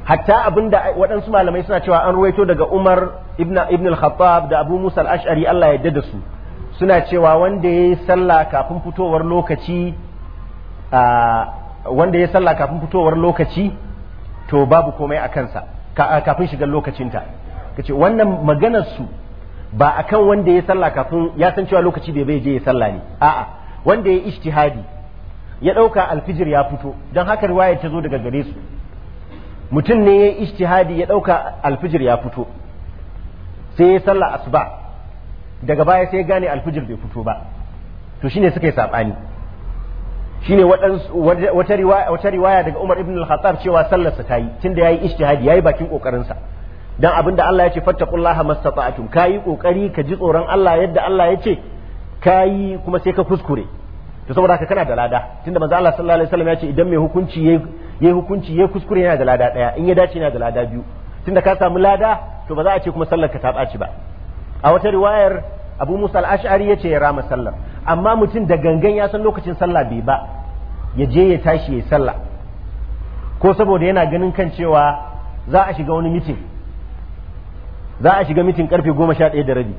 hatta abinda waɗansu malamai suna cewa an ruwaito daga Umar ibn al-Khattab da Abu Musa al-Ash'ari Allah ya yarda da su suna cewa wanda ya yi sallah kafin fitowar lokaci wanda ya sallah kafin fitowar lokaci to babu komai a kansa kafin shigar lokacinta kace wannan maganar su ba a kan wanda ya salla kafin ya san cewa lokaci da bai je ya salla ne a'a wanda ya ijtihadi ya ɗauka alfijir ya fito don haka riwaya ta zo daga gare su mutum ne ya yi ijtihadi ya ɗauka alfijir ya fito sai ya sallah asuba daga baya sai ya gane alfijir bai fito ba to shine suka yi Shi shine wata riwaya daga Umar ibn al-Khattab cewa sallarsa ta yi tunda yayi ya yi bakin kokarin dan abinda Allah ya ce fattaqullaha mastata'tum kayi kokari ka ji tsoron Allah yadda Allah ya ce kayi kuma sai ka kuskure to saboda haka kana da lada tunda manzo Allah sallallahu alaihi wasallam ya ce idan mai hukunci yayi hukunci yayi kuskure yana da lada daya in ya dace yana da lada biyu tunda ka samu lada to ba za a ce kuma sallar ka ta baci ba a wata riwayar Abu Musa al-Ash'ari ya ce ya rama sallar amma mutum da gangan ya san lokacin sallah bai ba ya je ya tashi ya sallah ko saboda yana ganin kan cewa za a shiga wani mitin za a shiga mitin karfe goma sha ɗaya da rabi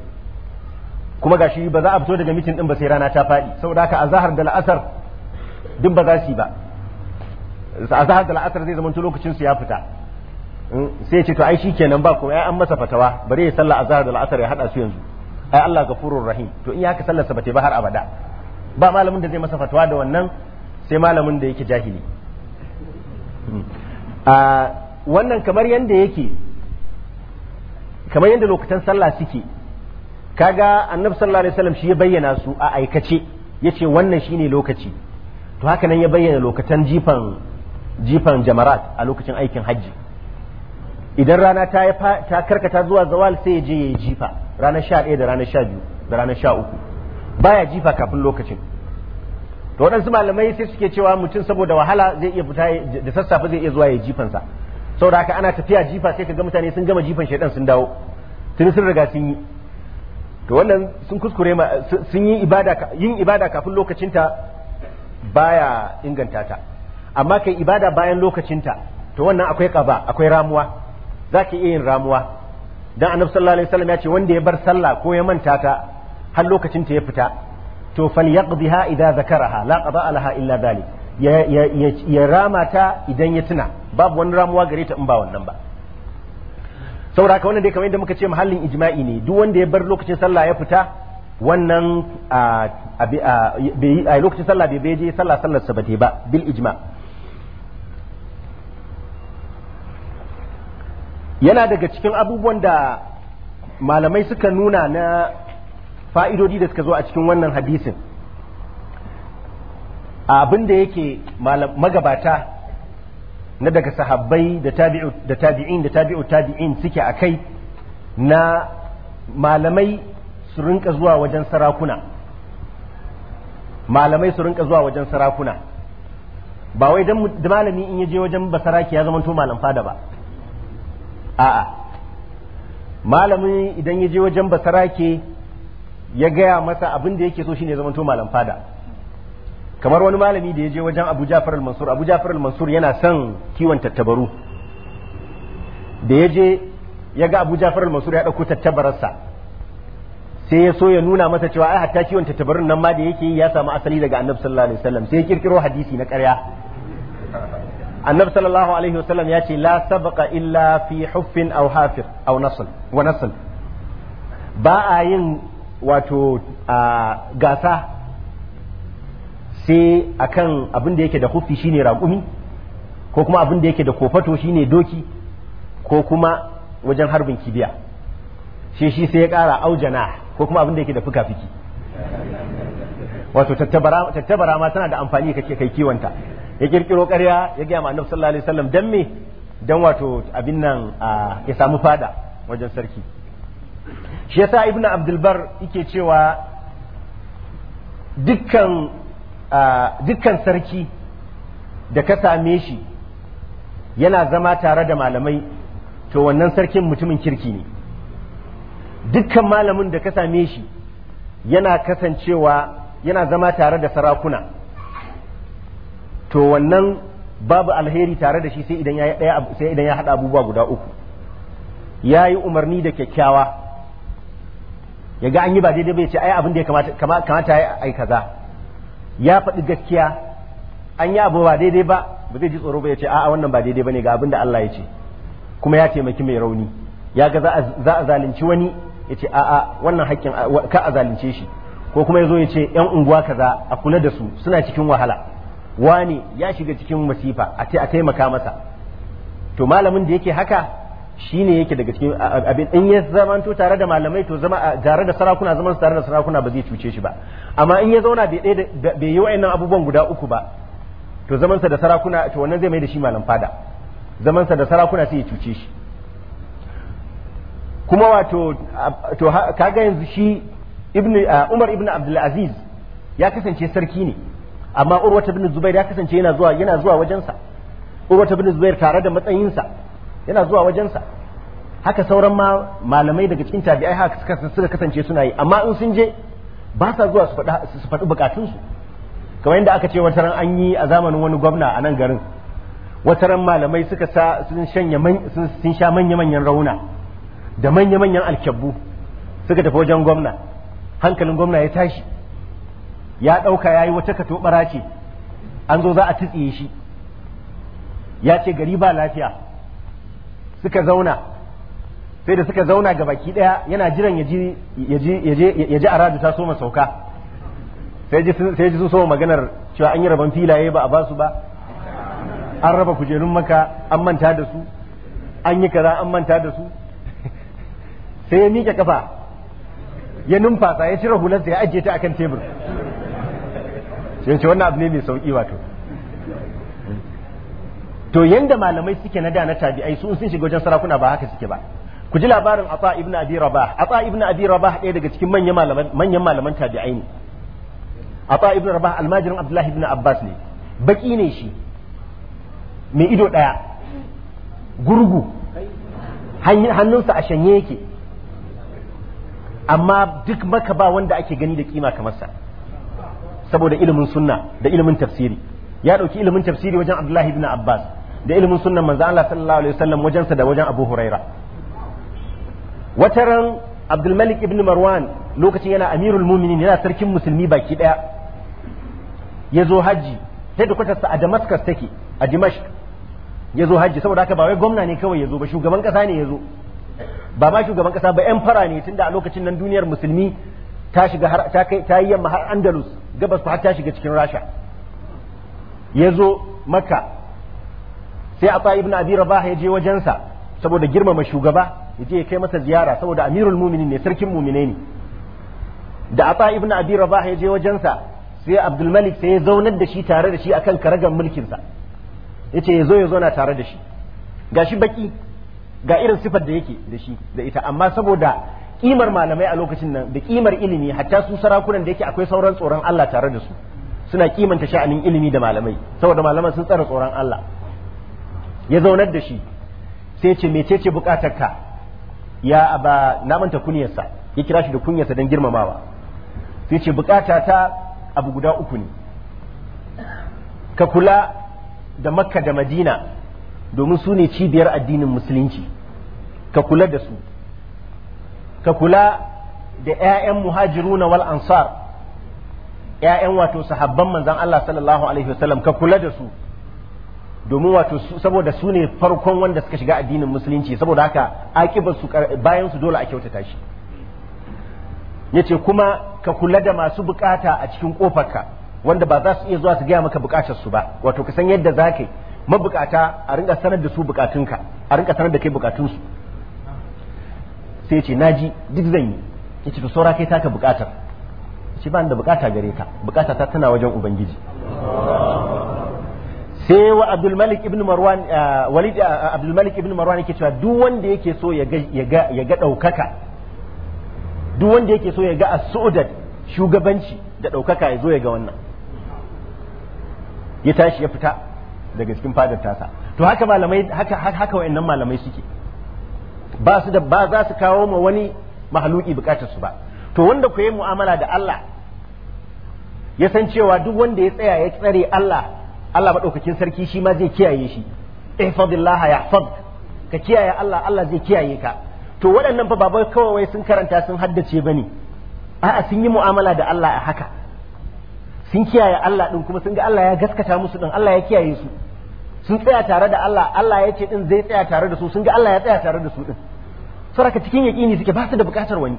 kuma ga shi ba za a fito daga mitin din ba sai rana ta faɗi saboda haka azhar da la'asar duk ba za su yi ba azhar da la'asar zai zamanto lokacin su ya fita hmm, sai ce to ai shikenan ba kuma ai an masa fatawa bare ya sallah azhar da la'asar ya hada su yanzu ai Allah gafurur rahim to in ya haka sallar sa ba har abada ba malamin da zai masa fatawa da wannan sai malamin da yake jahili hmm. a ah, wannan kamar yanda yake kamar yadda lokutan sallah suke kaga annabi sallallahu alaihi wasallam shi ya bayyana su a aikace yace wannan shine lokaci to haka nan ya bayyana lokutan jifan jifan jamarat a lokacin aikin hajji idan rana ta ta karkata zuwa zawal sai ya je ya jifa ranar 11 da ranar 12 da ranar 13 baya jifa kafin lokacin to waɗansu malamai sai suke cewa mutum saboda wahala zai iya fita da sassafe zai iya zuwa ya jifansa saboda haka ana tafiya jifa sai ka ga mutane sun gama jifan shaidan sun dawo tuni sun riga sun yi to wannan sun kuskure ma sun yi ibada yin ibada kafin lokacinta baya inganta ta amma kai ibada bayan lokacinta to wannan akwai kaba akwai ramuwa za iya yin ramuwa dan annabi sallallahu alaihi wasallam ya ce wanda ya bar sallah ko ya manta ta har lokacinta ya fita to falyaqdiha idza zakaraha la qada laha illa dhalik ya ya ya rama ta idan ya tuna babu wani ramuwa gare ta in ba wannan ba saboda ka wannan dai kamar yadda muka ce mahallin ijma'i ne duk wanda ya bar lokacin sallah ya fita wannan a lokacin sallah bai bai je sallah sallar sa bate ba bil ijma yana daga cikin abubuwan da malamai suka nuna na fa'idodi da suka zo a cikin wannan hadisin abin da yake magabata na daga sahabbai da tabi'in da tabi'u tabi'in suke a kai na malamai su rinka zuwa wajen sarakuna malamai su rinka zuwa wajen sarakuna ba wai don malami in yaje wajen basaraki ya zamanto malam fada ba a'a malami idan yaje wajen basaraki ya gaya masa abin da yake so shine zamanto malam fada kamar wani malami da ya je wajen abu jafar al-mansur abu jafar al-mansur yana son kiwon tattabaru da ya je ya ga abu jafar al-mansur ya ɗauko tattabararsa sai ya so ya nuna masa cewa ai hatta kiwon tattabarun nan ma da yake yi ya samu asali daga annabi sallallahu alaihi wasallam sai ya kirkiro hadisi na ƙarya annabi sallallahu alaihi wasallam ya ce la sabqa illa fi huffin aw hafir aw nasl wa nasl ba a yin wato gasa sai akan abin da yake da hufi shine raƙumi ko kuma abin da yake da kofato shine doki ko kuma wajen harbin kibiya shi shi sai ya ƙara aujana ko kuma abin da yake da fuka-fiki wato tattabara ma tana da amfani kake kai kiwonta ya kirkiro karya ya gaya ma'anar sallallahu alaihi wasallam dan me don wato abin nan ya samu fada wajen sarki shi yasa ibnu Abdulbar yake cewa dukkan dukkan sarki da ka same shi yana zama tare da malamai to wannan sarkin mutumin kirki ne dukkan malamin da ka same shi yana kasancewa yana zama tare da sarakuna to wannan babu alheri tare da shi sai idan ya haɗa abubuwa guda uku ya yi umarni da kyakkyawa ya ga an yi ba daidai bai ce ai abin da ya kamata ya ai kaza ya faɗi gaskiya an yi abu ba daidai ba ba zai ji tsoro ba ya ce a'a wannan ba daidai ba ne ga abinda Allah ya ce kuma ya taimaki mai rauni ya ga za a zalunci wani ya ce a'a wannan haƙƙin ka a zalunce shi ko kuma ya zo ya ce yan unguwa kaza a kula da su suna cikin wahala wani ya shiga cikin masifa a ce a taimaka masa to malamin da yake haka shine yake daga cikin abin in ya zamanto tare da malamai to zama tare da sarakuna zaman tare da sarakuna ba zai cuce shi ba amma in ya zauna bai bai yi wa'annan abubuwan guda uku ba to zamansa da sarakuna to wannan zai mai da shi malam fada zamansa da sarakuna sai ya cuce shi kuma wato to kaga yanzu shi ibn Umar ibn Abdul Aziz ya kasance sarki ne amma Urwa ibn Zubair ya kasance yana zuwa yana zuwa wajensa Urwa ibn Zubair tare da matsayinsa yana zuwa wajensa haka sauran ma malamai daga cikin tabi'ai haka suka kasance suna yi amma in sun je ba sa zuwa su faɗi bukatunsu kamar yadda aka ce wata ran an yi a zamanin wani gwamna a nan garin wata ran malamai suka sa sun sha manya-manyan rauna da manya-manyan alkyabbu suka tafi wajen gwamna hankalin gwamna ya tashi ya ɗauka ya yi wata katobara ce an zo za a tutsiye shi ya ce gari ba lafiya suka zauna sai da suka zauna ga baki daya yana jiran ya ji aradu ta soma sauka sai ji sun soma maganar cewa an yi rabon filaye ba a ba su ba an raba kujerun maka an manta da su an yi kaza an manta da su (laughs) sai ya miƙe kafa ya numfasa ya cire hularsa ya ajiye ta akan tebur sai ce wannan abu ne mai sauki wato to yanda malamai suke na da na tabi'ai su sun shiga wajen sarakuna ba haka suke ba ku ji labarin Atha ibn Abi Rabah Atha ibn Abi Rabah ɗaya daga cikin manyan malaman manyan malaman tabi'ai ne Atha ibn Rabah almajirin Abdullah ibn Abbas ne baki ne shi mai ido ɗaya gurgu hannunsa a shanye yake amma duk maka ba wanda ake gani da kima kamar sa saboda ilimin sunna da ilimin tafsiri ya ɗauki ilimin tafsiri wajen Abdullah ibn Abbas da ilimin sunnan manzo Allah sallallahu alaihi wasallam wajensa da wajen Abu Huraira wataran Abdul Malik ibn Marwan lokacin yana Amirul Mu'minin yana sarkin musulmi baki daya ya zo haji sai da kwatarsa a Damascus take a Dimashq ya zo haji saboda haka ba wai gwamna ne kawai ya zo ba shugaban kasa ne ya zo ba shugaban kasa ba yan fara ne tunda a lokacin nan duniyar musulmi ta shiga har ta kai ta yi yamma har Andalus gabas har ta shiga cikin Rasha ya zo Makka sai ata ibn abi rabah ya je wajensa saboda girmama shugaba ya je ya kai masa ziyara saboda amirul muminin ne sarkin mumine ne da ata ibn abi rabah ya je wajensa sai abdul malik sai ya zaunar da shi tare da shi akan karagan mulkinsa yace ya zo ya zauna tare da shi gashi baki ga irin sifar da yake da shi da ita amma saboda kimar malamai a lokacin nan da kimar ilimi hatta su sarakunan da yake akwai sauran tsoron Allah tare da su suna kimanta sha'anin ilimi da malamai saboda malaman sun tsara tsoron Allah ya zaunar da shi sai ce mecece bukatarka ya ba na kunyarsa ya kira shi da kunyarsa don girmamawa sai ce bukata ta abu guda uku ne ka kula da makka da madina domin su ne cibiyar addinin musulunci ka kula da su ka kula da 'ya'yan muhajiruna wal ansar ‘ya'yan wato sahabban manzan Allah sallallahu Alaihi wasallam ka kula da su domin wato saboda su ne farkon wanda suka shiga addinin musulunci saboda haka aƙibar su bayan su dole a kyautata shi Ya ce kuma ka kula da masu bukata a cikin kofarka wanda ba za su iya zuwa su gaya maka bukatar su ba wato ka san yadda za ka mabukata a rinka sanar da su bukatunka a rinka sanar da kai bukatunsu sai ce ji duk zan yi ya ce to saura kai taka bukatar ce ba da bukata gare ka bukata ta tana wajen ubangiji sai wa abdulmalik ibn marwan eh, walid eh, abdulmalik ibn marwan yake cewa duk wanda yake so ya ga ya ga daukaka duk wanda yake so ya ga as sudad shugabanci da daukaka ya zo ya ga wannan ya tashi ya fita daga cikin fadar tasa to haka malamai haka haka wayannan malamai suke ba su da ba za su kawo ma wani mahaluki bukatar su ba to wanda ku yi mu'amala da Allah ya san cewa duk wanda ya tsaya ya tsare Allah Allah maɗaukakin sarki shi ma zai kiyaye shi ihfadillaha yahfaz ka kiyaye Allah Allah zai kiyaye ka to waɗannan fa babai kawai sun karanta sun haddace bane a'a sun yi mu'amala da Allah a haka sun kiyaye Allah din kuma sun ga Allah ya gaskata musu din Allah ya kiyaye su sun tsaya tare da Allah Allah ya ce din zai tsaya tare da su sun ga Allah ya tsaya tare da su din saboda cikin yaqini suke ba su da bukatar wani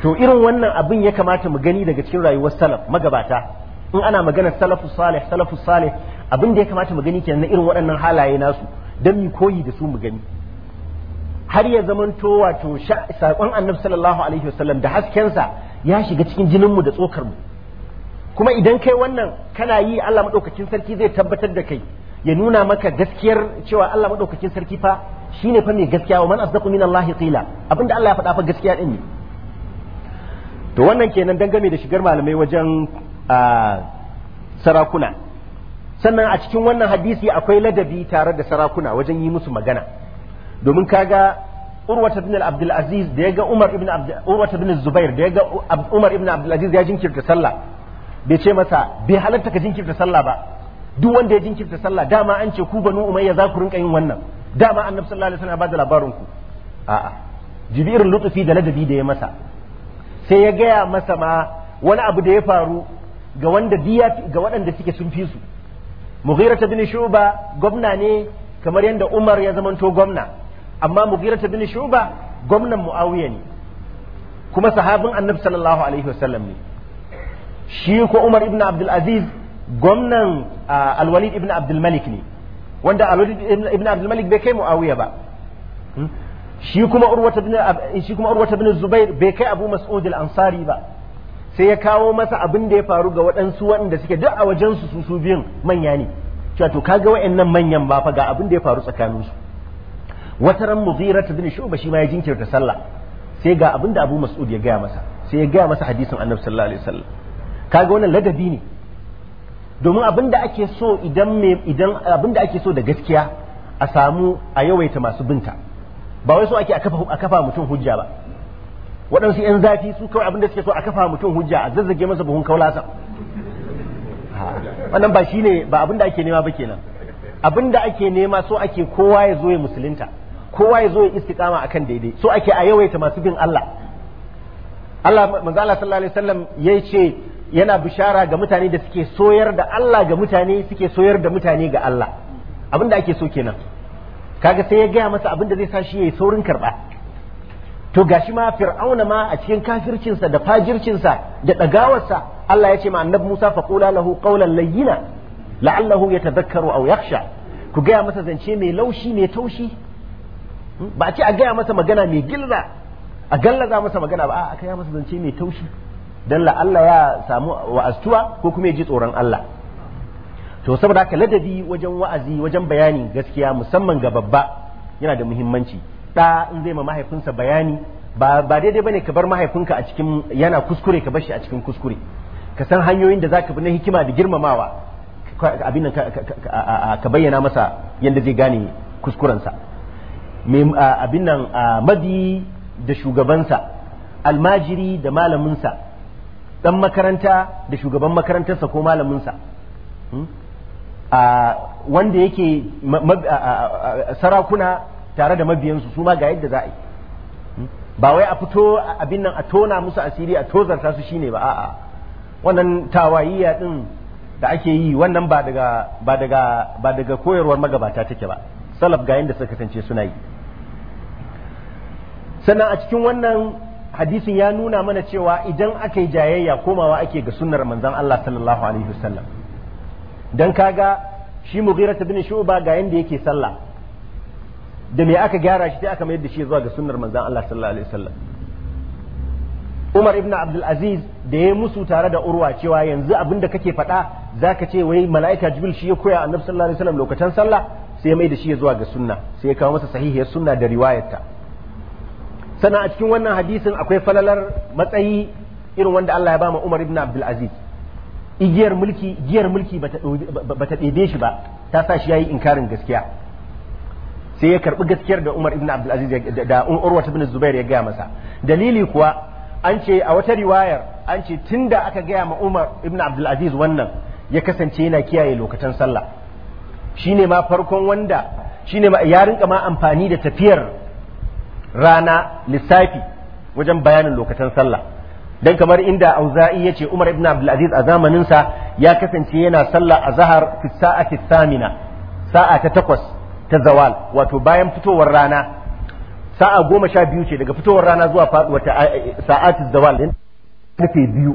to irin wannan abin ya kamata mu gani daga cikin rayuwar salaf magabata in ana magana salafu salih salafu salih abin da ya kamata mu gani kenan na irin waɗannan halaye nasu dan mu koyi da su mu gani har ya zamanto wato sakon annabi sallallahu alaihi wasallam da haskensa ya shiga cikin jinin mu da tsokar mu kuma idan kai wannan kana yi Allah madaukakin sarki zai tabbatar da kai ya nuna maka gaskiyar cewa Allah madaukakin sarki fa shine fa mai gaskiya wa man asdaqu min Allah qila abinda Allah ya faɗa fa gaskiya din ne to wannan kenan dangane da shigar malamai wajen sarakuna sannan a cikin wannan hadisi akwai ladabi tare da sarakuna wajen yi musu magana domin kaga urwata bin abdul aziz da ya ga umar ibn urwata bin zubair da ya umar ibn abdul aziz ya jinkirta sallah bai ce masa bai halatta ka jinkirta sallah ba duk wanda ya jinkirta sallah dama an ce ku banu umayya za ku rinka yin wannan dama annabi sallallahu alaihi wasallam ba da labarin ku a'a jibirin lutufi da ladabi da ya masa sai ya gaya masa ma wani abu da ya faru ga wanda diya ga waɗanda suke sun fi su mughira bin shuba gwamna ne kamar yadda umar ya zamanto gwamna amma mughira bin shuba gwamnan muawiya ne kuma sahabin annabi sallallahu alaihi wasallam ne shi ko umar ibn abdul aziz gwamnan alwalid ibn abdul malik ne wanda alwalid ibn abdul malik bai kai muawiya ba hmm? shi kuma urwata Bini shi kuma urwata bin zubair bai kai abu mas'ud al-ansari ba sai ya kawo masa abin da ya faru ga waɗansu waɗanda suke duk a wajensu su su biyun manya ne cewa to kaga wayannan manyan ba fa ga abin da ya faru tsakaninsu wata ran mughira ta bin shuba shi ma ya jinkirta sallah sai ga abin da Abu Mas'ud ya gaya masa sai ya gaya masa hadisin Annabi sallallahu alaihi wasallam kaga wannan ladabi ne domin abin da ake so idan me idan abin da ake so da gaskiya a samu a yawaita masu binta ba wai so ake a kafa mutum hujja ba waɗansu 'yan zafi su kawai abinda suke so a kafa mutum hujja a zazzage masa buhun kaulasa wannan ba shi ne ba abinda ake nema ba kenan abinda ake nema so ake kowa ya zo ya musulunta kowa ya zo ya istiqama akan daidai so ake a yawaita masu bin Allah Allah manzo Allah sallallahu alaihi wasallam yace yana bishara ga mutane da suke soyar da Allah ga mutane suke soyar da mutane ga Allah da ake so kenan kaga sai ya gaya masa abin da zai sa shi yayi saurin karba to gashi ma fir'auna ma a cikin kafircinsa da fajircinsa da ɗagawarsa Allah ya ce ma annab Musa fa qula lahu qawlan layyina la'allahu yatadhakkaru aw yakhsha ku gaya masa zance mai laushi mai taushi hmm? ba a ce a gaya masa magana mai gilza a gallaza masa magana ba a gaya masa zance mai taushi dan la Allah ya samu wa'astuwa ko kuma ya ji tsoron Allah to saboda haka ladabi wajen wa'azi wajen bayani gaskiya musamman ga babba yana da muhimmanci ɗa in zai ma mahaifinsa bayani ba ba daidai bane ka bar mahaifinka a cikin yana kuskure ka bar shi a cikin kuskure ka san hanyoyin da zaka bi na hikima da girmamawa abin nan ka bayyana masa yadda zai gane kuskurensa abin nan madi da shugabansa almajiri da malaminsa dan makaranta da shugaban makarantarsa ko malaminsa hmm? wanda yake sarakuna tare da mabiyansu su ma ga yadda za a yi hmm? ba wai a fito abin nan a tona musu asiri a tozarta su shine ba a'a wannan tawayiya din da ake yi wannan ba daga ba daga ba daga koyarwar magabata take ba salaf ga yadda suka kasance suna yi sannan a cikin wannan hadisin ya nuna mana cewa idan aka yi jayayya komawa ake ga sunnar manzon Allah sallallahu alaihi wasallam dan kaga shi Mughirah bin Shu'ba ga yanda yake sallah da me aka gyara shi sai aka mayar da shi zuwa ga sunnar manzon Allah sallallahu alaihi wasallam Umar ibn Abdul Aziz da ya musu tare da Urwa cewa yanzu abin da kake faɗa zaka ce wai mala'ika Jibril shi ya koya Annabi sallallahu alaihi wasallam lokacin sallah sai ya mai da shi zuwa ga sunna sai ya kawo masa sahihiyar sunna da riwayarta sannan a cikin wannan hadisin akwai falalar matsayi irin wanda Allah ya bama Umar ibn Abdul Aziz igiyar mulki igiyar mulki bata ɗebe shi ba ta sa shi yayi inkarin gaskiya sai ya karbi gaskiyar da Umar ibn Abdul Aziz da Urwa ibn Zubair ya gaya masa dalili kuwa an ce a wata riwayar an ce tunda aka gaya ma Umar ibn Abdul Aziz wannan ya kasance yana kiyaye lokacin sallah shine ma farkon wanda shine ma ya rinka ma amfani da tafiyar rana lissafi wajen bayanin lokacin sallah dan kamar inda auza'i ya ce umar ibn abdulaziz a zamaninsa ya kasance yana sallah a zahar fi sa'ati samina sa'a ta takwas ta zawal wato bayan fitowar rana sa'a goma sha biyu ce daga fitowar rana zuwa faduwar ta eh, eh, sa'atis zawal din karfe biyu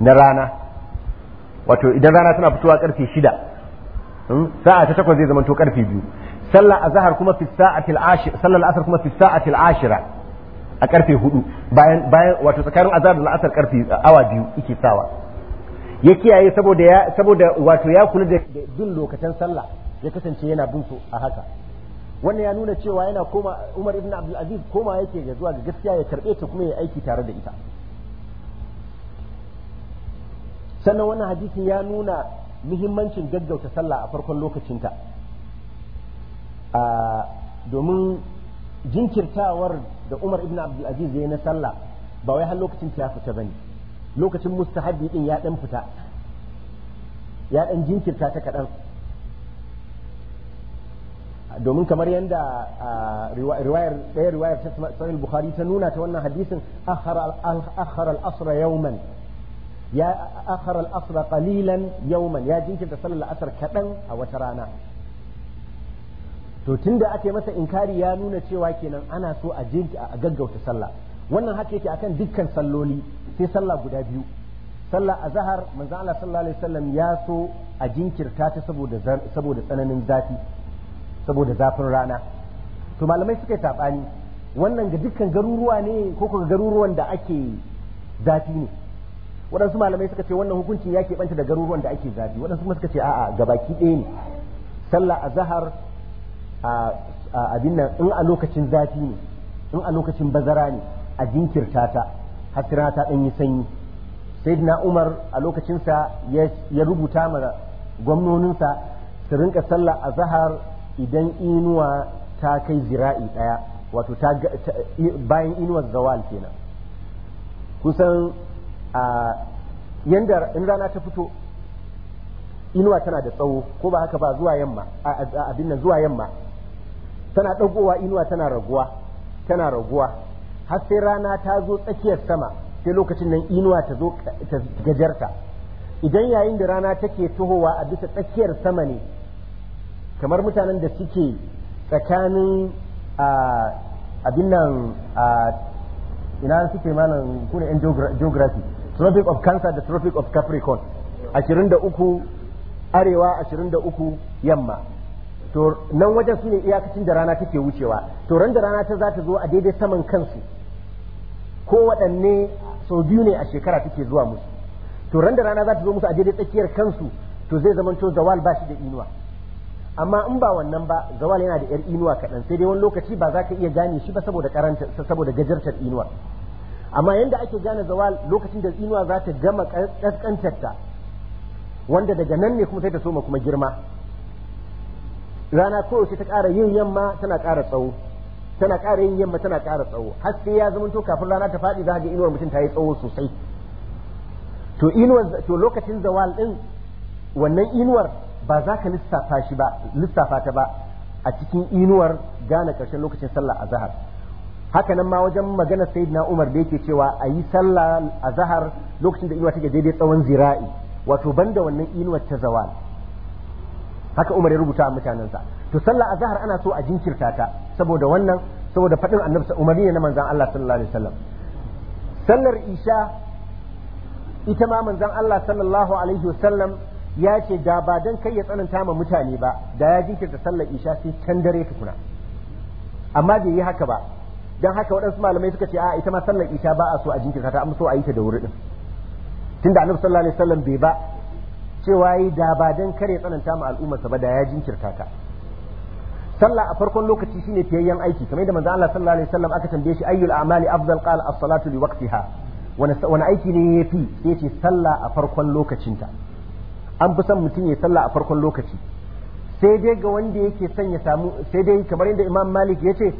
na rana wato idan rana tana fitowa karfe shida hmm, sa'a ta takwas zai zama to karfe biyu sallar azahar kuma fi sa'atil ashir sallar asar kuma fi sa'atil ashira a karfe hudu bayan bayan wato tsakanin azhar da la'asar karfe eh, awa biyu yake sawa ya kiyaye saboda ya saboda wato ya kula da bin lokacin sallah ya kasance yana bin su a haka wannan ya nuna cewa yana koma Umar ibn Abdul Aziz koma yake ga zuwa ga gaskiya ya karbe ta kuma ya aiki tare da ita sannan wannan hadisin ya nuna muhimmancin gaggauta sallah a farkon lokacinta domin jinkirtawar da Umar ibn Abdul Aziz ya na sallah ba wai har lokacin ta fita bane lokacin mustahabi din ya dan fita ya dan jinkirta ta kadan domin kamar yadda riwayar ɗaya riwayar sahih bukhari ta nuna ta wannan hadisin akhara al-asra yawman ya akhara al-asra qalilan yawman ya jinkirta sallar asar kaɗan a wata rana to tunda ake masa inkari ya nuna cewa kenan ana so a a gaggauta sallah wannan haka yake akan dukkan salloli sai sallah guda biyu sallah azhar manzo Allah sallallahu alaihi wasallam ya so a jinkirta ta saboda saboda tsananin zafi saboda zafin rana to malamai suka yi saɓani wannan ga dukkan garuruwa ne ko kuma garuruwan da ake zafi ne waɗansu malamai suka ce wannan hukuncin ya keɓanta da garuruwan da ake zafi waɗansu kuma suka ce a'a gabaki ɗaya ne sallah a zahar a abin nan in a lokacin zafi ne in a lokacin bazara ne a jinkirta ta har ta ɗan yi sanyi sayyidina umar a lokacinsa ya rubuta ma gwamnoninsa su rinka sallah a idan inuwa ta kai zira'i ɗaya wato bayan inuwar zawal kenan kusan a yanda in rana ta fito inuwa tana da tsawo ko ba haka ba zuwa yamma abin nan zuwa yamma tana ɗagowa inuwa tana raguwa tana raguwa har sai rana ta zo tsakiyar sama sai lokacin nan inuwa ta zo ta gajarta idan yayin da rana take tohowa a bisa tsakiyar sama ne kamar mutanen da suke tsakanin abin nan ina suke malam kuna yan geography tropic of cancer da tropic of capricorn 23 arewa 23 yamma to nan wajen su ne iyakacin da rana take wucewa to ran da rana ta za ta zo a daidai saman kansu ko waɗanne sau biyu ne a shekara take zuwa musu to ran da rana za ta zo musu a daidai tsakiyar kansu to zai zamanto zawal ba shi da inuwa amma in ba wannan ba zawal yana da yar inuwa kaɗan sai dai wani lokaci ba za ka iya gane shi ba saboda karanta saboda gajartar inuwa amma yanda ake gane zawal lokacin da inuwa za ta gama ta wanda daga nan ne kuma sai ta soma kuma girma rana koyaushe ta ƙara yin yamma tana ƙara tsawo tana ƙara yin yamma tana ƙara tsawo har sai ya to kafin rana ta faɗi za ga inuwar mutum ta yi tsawo sosai to inuwar to lokacin zawal din wannan inuwar ba za ka lissafa shi ba lissafa ta ba a cikin inuwar gane ƙarshen lokacin sallah a zahar haka nan ma wajen magana sayyidina Umar da yake cewa a yi sallah a zahar lokacin da inuwa take daidai tsawon zira'i wato banda wannan inuwar ta zawal haka Umar ya rubuta a mutanensa to sallah a zahar ana so a jinkirta ta saboda wannan saboda faɗin annabi umar ne na manzon Allah sallallahu alaihi wasallam sallar isha ita ma manzon Allah sallallahu alaihi wasallam ya ce da ba don kai ya tsananta ma mutane ba da ya jinkirta sallar isha sai can dare tukuna amma bai yi haka ba don haka waɗansu malamai suka ce a ita ma sallar isha ba a so a jinkirta ta amma so a yi ta da wuri din da annabi sallallahu alaihi wasallam bai ba cewa yi da ba don kare tsananta ma al'ummarsa ba da ya jinkirta ta sallah a farkon lokaci shine fiyayyen aiki kamar da manzo Allah sallallahu alaihi wasallam aka tambaye shi ayyul a'mali afdal qala as-salatu li waqtiha wani aiki ne yafi sai ce sallah a farkon lokacinta an fi son mutum ya salla a farkon lokaci sai dai ga wanda yake son ya samu sai dai kamar yadda imam malik ya ce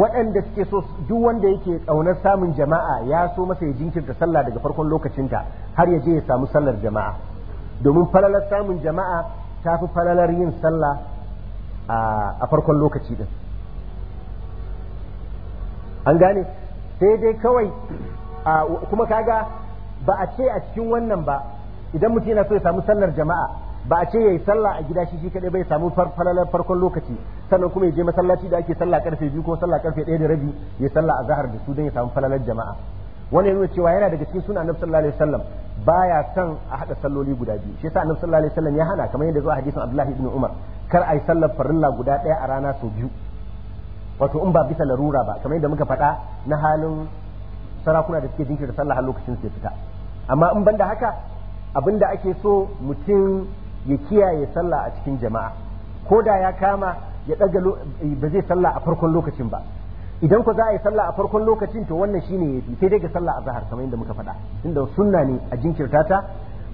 waɗanda suke so duk wanda yake ƙaunar samun jama'a ya so masa ya jinkirta sallah daga farkon lokacinta har ya je ya samu sallar jama'a domin falalar samun jama'a ta fi falalar yin sallah a farkon lokaci din an gane sai dai kawai kuma kaga ba a ce a cikin wannan ba idan mutum yana so ya samu sallar jama'a ba a ce yayi sallah a gida shi shi kadai bai samu farfalar farkon lokaci sannan kuma ya je masallaci da ake sallah karfe biyu ko sallah karfe ɗaya da rabi ya sallah a zahar da su don ya samu falalar jama'a wannan yana cewa yana daga cikin suna annabi sallallahu alaihi wasallam baya son a hada salloli guda biyu shi yasa annabi sallallahu alaihi wasallam ya hana kamar yadda zuwa hadisin Abdullahi ibn Umar kar ai sallar farilla guda daya a rana sau biyu wato in ba bisa larura ba kamar yadda muka faɗa na halin sarakuna da suke jinkirta sallah har lokacin sai fita amma in banda haka Abin da ake so mutum ya kiyaye sallah a cikin jama'a ko da ya kama ya daga ba zai sallah a farkon lokacin ba idan ku za a yi sallah a farkon lokacin to wannan shine ya sai dai ga sallah a zahar kamar yadda muka faɗa inda sunna ne a jinkirta ta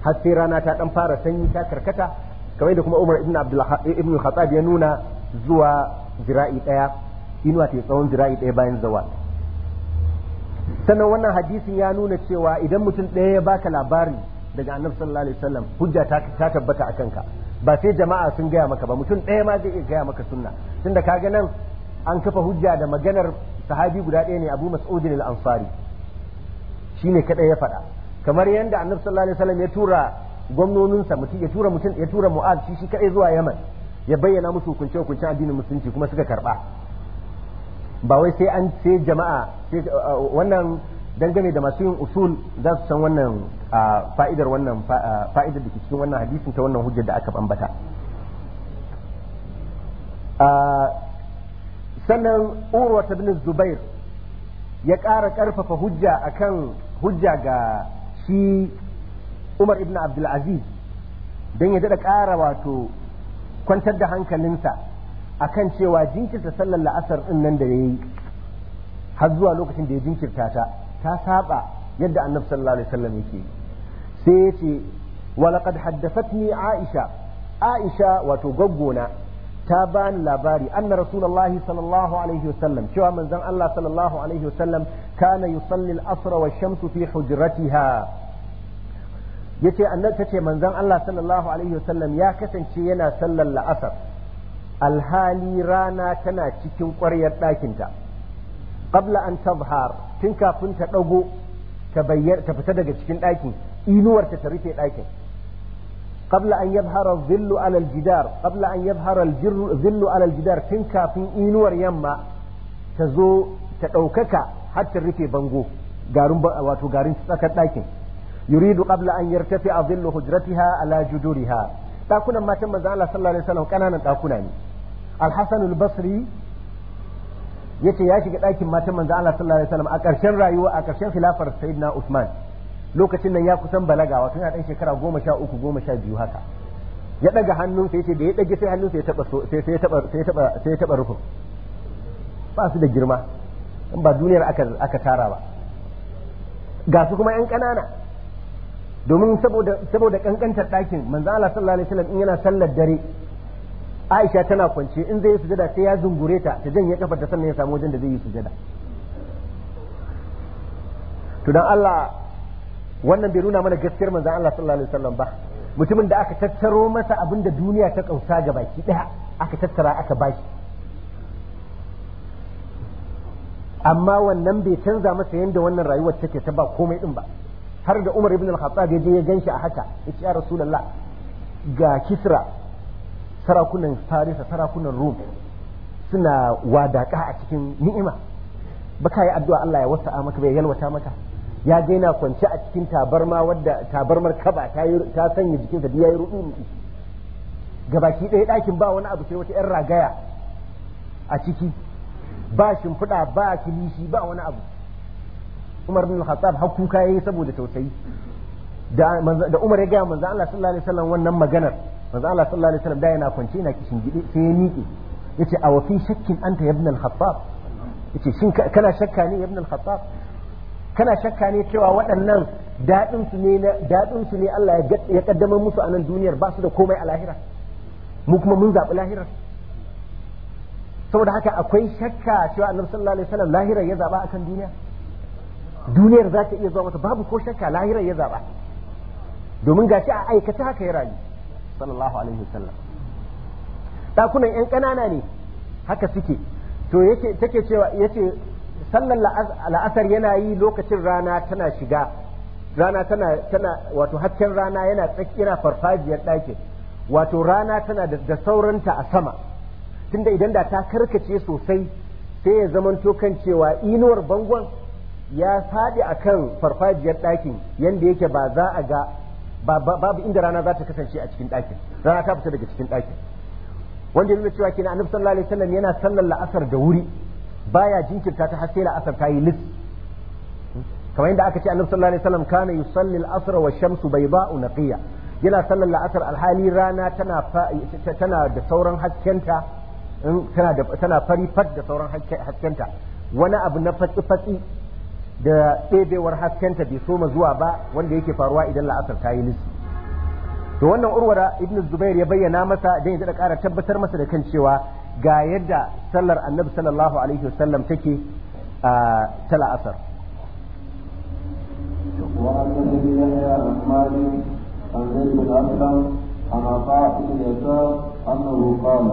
har sai rana ta ɗan fara sanyi ta karkata kamar yadda kuma Umar ibn Abdul ibn Khattab ya nuna zuwa zira'i ɗaya inuwa ta tsawon zira'i daya bayan zawa, sannan wannan hadisin ya nuna cewa idan mutum ɗaya ya baka labari daga annabi sallallahu alaihi wasallam hujja ta tabbata a ka ba sai jama'a sun gaya maka ba mutum ɗaya ma zai iya gaya maka sunna tunda kaga nan an kafa hujja da maganar sahabi guda ɗaya ne Abu Mas'ud al-Ansari shine kadai ya faɗa kamar yadda annabi sallallahu alaihi wasallam ya tura gwamnoninsa mutum ya tura mutum ya tura Mu'ad shi shi kadai zuwa Yaman ya bayyana musu hukunce hukuncen addinin musulunci kuma suka karba ba wai sai an sai jama'a uh, uh, wannan dangane da masu yin usul za su san wannan fa'idar wannan fa'idar da ke cikin wannan hadisin ta wannan hujjar da aka bambata. sannan urwa ta bin zubair ya ƙara ƙarfafa hujja akan hujja ga shi umar ibn abdulaziz don ya daɗa ƙara wato kwantar da hankalinsa akan cewa jinkirta sallar la'asar ɗin nan da ya yi har zuwa lokacin da ya jinkirta ta ta saba yadda annabi sallallahu alaihi wasallam yake sai yace wa laqad haddathatni aisha aisha wato gaggona ta bani labari anna rasulullahi sallallahu alaihi wasallam cewa manzon Allah sallallahu alaihi wasallam kana yusalli al-asr wa shamsu fi hujratiha yace annabi tace manzon Allah sallallahu alaihi wasallam ya kasance yana sallar la'asar alhali rana tana cikin ƙwaryar ɗakinta qabla an tabhar tun kafin ta dago ta bayyana ta fita daga cikin ɗakin inuwar ta rufe ɗakin qabla an yabhara dhillu ala al qabla an yabhara al-dhillu ala al tun kafin inuwar yamma ta zo ta ɗaukaka har ta rufe bango garin wato garin tsakar ɗakin yuridu qabla an yartafi a zillu hujratiha ala juduriha dakunan matan manzo Allah sallallahu alaihi wasallam kananan dakuna ne al-Hasan basri yace ya shiga ɗakin matan manzo Allah sallallahu alaihi wasallam a ƙarshen rayuwa a ƙarshen khilafar sayyidina Uthman lokacin nan ya kusan balagawa tana ɗan shekara goma sha uku goma sha biyu haka ya ɗaga sai yace da ya ɗage sai hannunsa ya taɓa sai ya taɓa sai ya taɓa sai ya taɓa rukun ba su da girma in ba duniyar aka aka tara ba ga su kuma yan ƙanana domin saboda saboda kankantar ɗakin manzo Allah sallallahu alaihi wasallam in yana sallar dare Aisha tana kwance in zai yi sujada sai ya zungure ta ta janye kafar ta sannan ya samu wajen da zai yi sujada to dan Allah wannan bai nuna mana gaskiyar manzon Allah sallallahu alaihi wasallam ba mutumin da aka tattaro masa abin da duniya ta kausa ga baki daya aka tattara aka baki amma wannan bai canza masa yadda wannan rayuwar take ta ba komai din ba har da Umar ibn al-Khattab ya je ya ganshi a haka ya ce ya Rasulullah ga Kisra sarakunan farisa sarakunan rum suna wadaka a cikin ni'ima ba ka yi addu'a Allah ya wasa maka bai yalwata maka ya ga yana kwance a cikin tabarma wadda tabarmar kaba ta sanya jikinsa da yayi ruɗu rudu gabaki ɗaya ɗakin ba wani abu sai wata yar ragaya a ciki ba shimfiɗa ba kilishi ba wani abu Umar bin Khattab har kuka yayi saboda tausayi da Umar ya ga manzo Allah sallallahu alaihi wasallam wannan maganar manzo Allah sallallahu alaihi wasallam da yana kwance yana kishin gidi sai ya miƙe yace a wafi shakkin anta ibn al-khattab yace shin kana shakka ne ibn al-khattab kana shakka ne cewa waɗannan daɗin su ne daɗin su ne Allah ya kaddamar musu a nan duniyar ba su da komai a lahira mu kuma mun zaɓi lahirar saboda haka akwai shakka cewa annabi sallallahu alaihi wasallam lahirar ya zaɓa akan duniya duniyar za ta iya zuwa mata babu ko shakka lahirar ya zaɓa domin gashi a aikata haka ya rayu sallallahu alaihi wasallam dakunan yan kanana ne haka suke to yake take cewa yace sallar la'asar yana yi lokacin rana tana shiga rana tana tana wato hasken rana yana tsakira farfajiyar ɗakin wato rana tana da sauranta a sama tunda idan da ta karkace sosai sai ya zamanto kan cewa inuwar bangon ya faɗi akan farfajiyar ɗakin yanda yake ba za a ga babu inda rana za ta kasance a cikin ɗakin rana ta fita daga cikin ɗakin wanda ya nuna cewa kenan annabi sallallahu alaihi wasallam yana sallar la'asar da wuri baya jinkirta ta har sai la'asar ta yi lis kamar yadda aka ce annabi sallallahu alaihi wasallam kana yusalli al-asr wa shamsu bayda'u naqiya yana sallar la'asar alhali rana tana tana da sauran haskenta hmm, tana da tana fari fat da sauran haskenta wani abu na fatsi fatsi da ɗebewar haskenta bai soma zuwa ba wanda yake faruwa idan la'asar ta yi nisi to wannan urwara ibn zubair ya bayyana masa don ya ƙara tabbatar masa da kan cewa ga yadda sallar annabi sallallahu alaihi wasallam take ta la'asar عن عطاء بن يسار أنه قال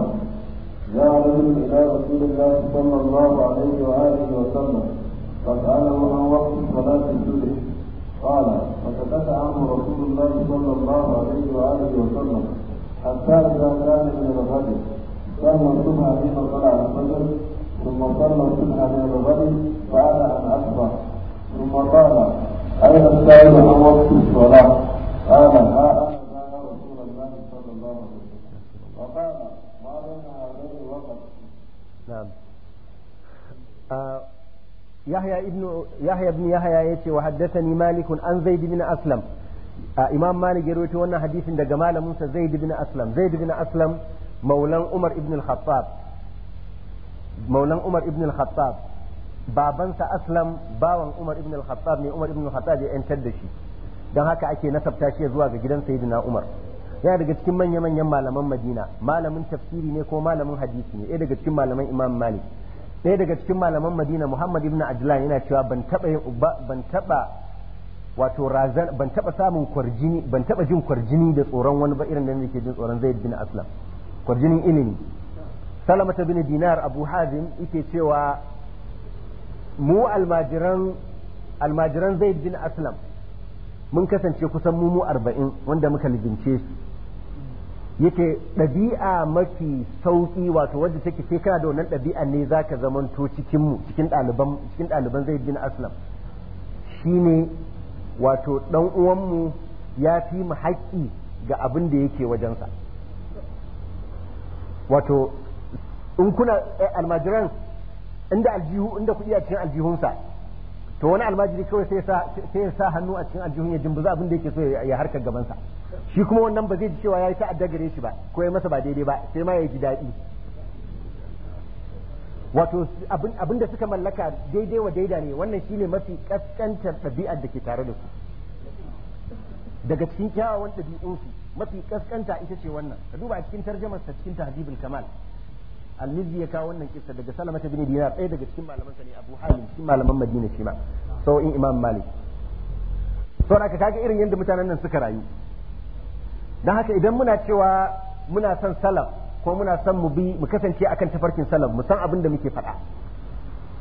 جاء رجل إلى رسول الله صلى الله عليه وآله وسلم فسأله عن وقت صلاة الجمعة قال فسكت عنه رسول الله صلى الله عليه وآله وسلم حتى إذا كان من الغد صلى الجمعة حين طلع الفجر ثم صلى الجمعة من الغد فأتى أن أكبر ثم قال أين السائل عن وقت الصلاة؟ قال ها Uh, يا رسول الله صلى الله عليه وسلم وقال ما بين وقت نعم آه، yahya ibnu yahya ya ce yace wa haddathani malik an zaid ibn aslam imam malik ya rawaito wannan hadisin daga malamin sa zaid ibn aslam zaid ibn aslam maulan umar ibn al-khattab maulan umar ibn al-khattab babansa aslam bawan umar ibn al-khattab ne umar ibn al-khattab ya yantar da shi don haka ake nasabta shi zuwa ga gidan sayyidina umar yana daga cikin manya-manyan malaman madina malamin tafsiri ne ko malamin hadisi ne ɗaya daga cikin malaman imam malik ɗaya daga cikin malaman madina muhammad ibn ajlan yana cewa ban taɓa yin ban taɓa wato razan ban taɓa samun kwarjini ban taɓa jin kwarjini da tsoron wani ba irin da nake jin tsoron zaid bin aslam kwarjinin ilimi salama ta bin dinar abu hazim yake cewa mu almajiran almajiran zaid bin aslam mun kasance kusan mu mu arba'in wanda muka ligince shi Yake ɗabi'a mafi sauki wato wadda take sai kana da wannan ɗabi'a ne zaka zamanto cikin mu cikin ɗaliban cikin ɗaliban zai bin Aslam shine wato dan uwan mu ya fi mu haƙƙi ga abin da yake wajensa wato in kuna eh, almajiran inda aljihu inda kuɗi a cikin aljihunsa to wani almajiri kawai sai ya sa hannu a cikin aljihun ya jimbuza abin da yake so ya harkar gabansa shi kuma wannan ba zai ji cewa ya yi ta'adda gare shi ba ko ya masa ba daidai ba sai ma ya ji daɗi wato abin da suka mallaka daidai wa daida ne wannan ne mafi ƙasƙantar ɗabi'ar da ke tare da su daga cikin kyawawan ɗabi'unsu mafi ƙasƙanta ita ce wannan ka duba a cikin tarjamar sa cikin tahzibul kamal al ya kawo wannan kissa daga ta bin dinar ɗaya daga cikin malaman sa ne abu halim cikin malaman madina shi ma sau'in imam malik saboda kaga irin yadda mutanen nan suka rayu don haka idan muna cewa muna son Salam ko muna son mu bi mu kasance akan tafarkin Salam mu san abin da muke faɗa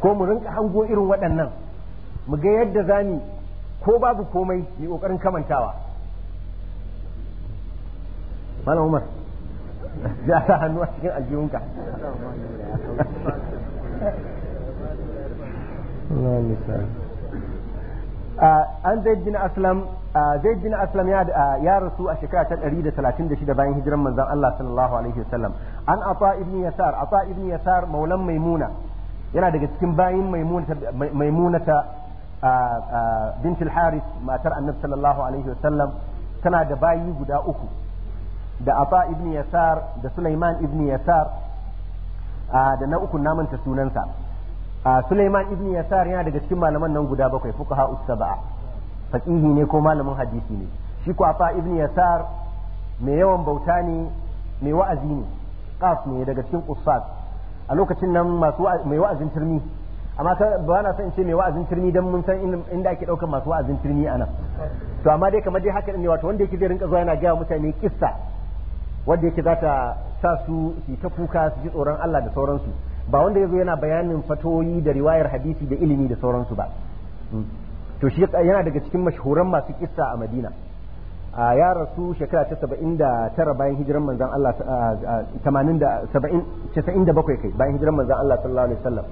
ko mu rinka hango irin waɗannan mu ga yadda zamu ko babu komai mu kokarin kamantawa malam umar (laughs) ya sa hannu a cikin aljihunka Allah an zaid bin aslam zai bin aslam ya rasu a shekara ta 136 bayan hijiran manzon Allah sallallahu alaihi wasallam an ata ibn yasar ata ibn yasar maulan maimuna yana daga cikin bayin Maimunata ta bintul haris matar annabi sallallahu alaihi wasallam tana da bayi guda uku da ata ibn yasar da sulaiman ibn yasar da na uku namanta sunansa Sulaiman ibn Yasar yana daga cikin malaman nan guda bakwai fuqaha us-sab'a faqihi ne ko malamin hadisi ne shi ko afa ibn Yasar mai yawan bauta ne mai wa'azi ne qaf ne daga cikin qussat a lokacin nan masu mai wa'azin turmi amma ba na san ce mai wa'azin turmi dan mun san inda ake daukar masu wa'azin turmi anan to amma dai kamar dai haka ne wato wanda yake zai rinka zuwa yana ga mutane kissa wanda yake za ta sa su su ta kuka su ji tsoron Allah da sauransu ba wanda yazo yana bayanin fatoyi da riwayar hadisi da ilimi da sauransu ba hmm. to shi yana daga cikin mashhuran masu kissa a Madina a ya rasu shekara ta saba'in da tara bayan hijiran manzan Allah tamanin da saba'in casa'in da bakwai kai bayan hijiran manzan Allah sallallahu alaihi wasallam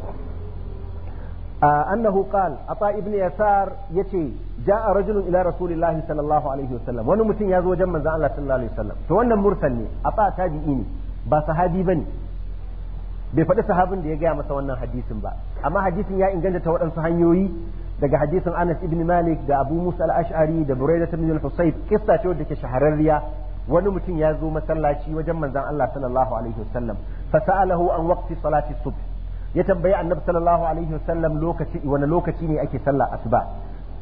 annahu qal ata ibn yasar yace ja'a rajulun ila rasulillah sallallahu alaihi wasallam wani mutum ya zo wajen manzan Allah sallallahu alaihi wasallam to wannan mursal ne ata tabi'i ne ba sahabi bane bai faɗi sahabin da ya gaya masa wannan hadisin ba amma hadisin ya inganta ta waɗansu hanyoyi daga hadisin Anas ibn Malik da Abu Musa al-Ash'ari da Buraida ibn al-Husayb kissa ce wadda ke shahararriya wani mutum ya zo masallaci wajen manzon Allah sallallahu alaihi wasallam fa sa'alahu an waqti salati subh ya tambayi annabi sallallahu alaihi wasallam lokaci wani lokaci ne ake sallah asuba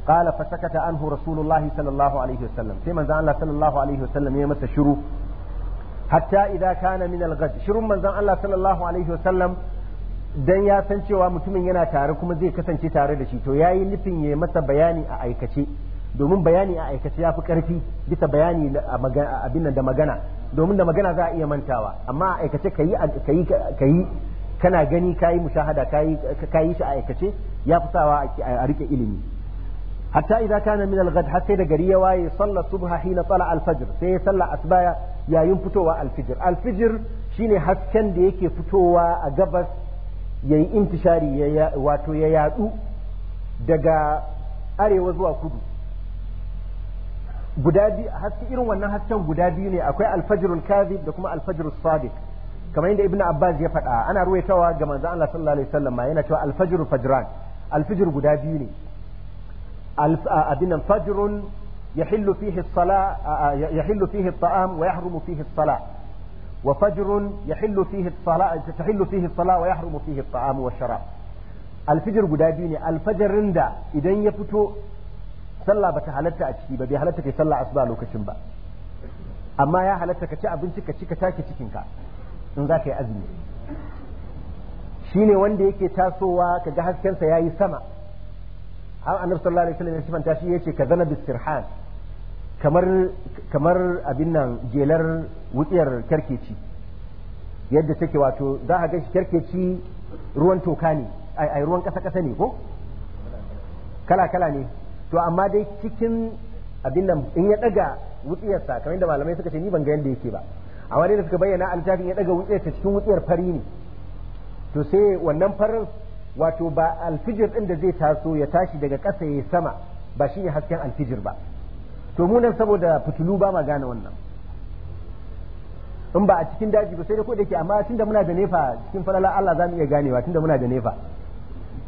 qala fa sakata anhu rasulullahi sallallahu alaihi wasallam sai manzon Allah sallallahu alaihi wasallam ya masa shiru hatta idza kana min al-ghad shirun manzon Allah sallallahu alaihi wasallam dan ya san cewa mutumin yana tare kuma zai kasance tare da shi to yayi nufin ya masa bayani a aikace domin bayani a aikace ya karfi bisa bayani abin da magana domin da magana za a iya mantawa amma a aikace ka yi kana gani yi mushahada kayi yi shi a aikace ya fi sawa a rike ilimi hatta idan kana min al-ghad har sai da gari ya waye sallar subha hina tala al-fajr sai ya sallar asbaya yayin fitowa alfijir alfijir shine hasken da yake fitowa a gabas yayi intishari wato ya yadu daga arewa zuwa kudu guda haske irin wannan hasken guda biyu ne akwai alfajirul kadhib da kuma alfajirul sadiq kamar yadda ibnu abbas ya faɗa ana ruwaitawa ga manzon Allah sallallahu alaihi wasallam yana cewa alfajirul fajran alfijir guda biyu ne abin abinan fajrun يحل فيه الصلاة آه، آه، يحل فيه الطعام ويحرم فيه الصلاة وفجر يحل فيه الصلاة تحل فيه الصلاة ويحرم فيه الطعام والشراب الفجر قدابيني الفجر رندا إذا يفتو صلى بتحالته أتشي بدي حالتك يصلى أصبع لو كشنبا أما يا حالتك تأ بنتك كشيك تأ كشيكينكا إن ذاك أزمي شيني وندي كي تاسوا كجهاز كان سياي سما أنا رسول الله صلى الله عليه وسلم يشوف أن تاسي يشي كذنب السرحان kamar kamar abin nan jelar wutsiyar kerkeci yadda take wato za a ga ruwan toka ne ai ruwan kasa kasa ne ko kala kala ne to amma dai cikin abin nan in ya daga wutsiyarsa kamar yadda malamai suka ce ni ban ga yadda yake ba a wani da suka bayyana littafin ya daga wutsiyarsa cikin wutsiyar fari ne to sai wannan farin wato ba alfijir din da zai taso ya tashi daga ƙasa ya sama ba shi ne hasken alfijir ba to mu nan saboda fitilu ba ma gane wannan in ba a cikin daji ba sai da kodayake amma tunda muna da nefa cikin falala Allah za mu iya ganewa tunda muna da nefa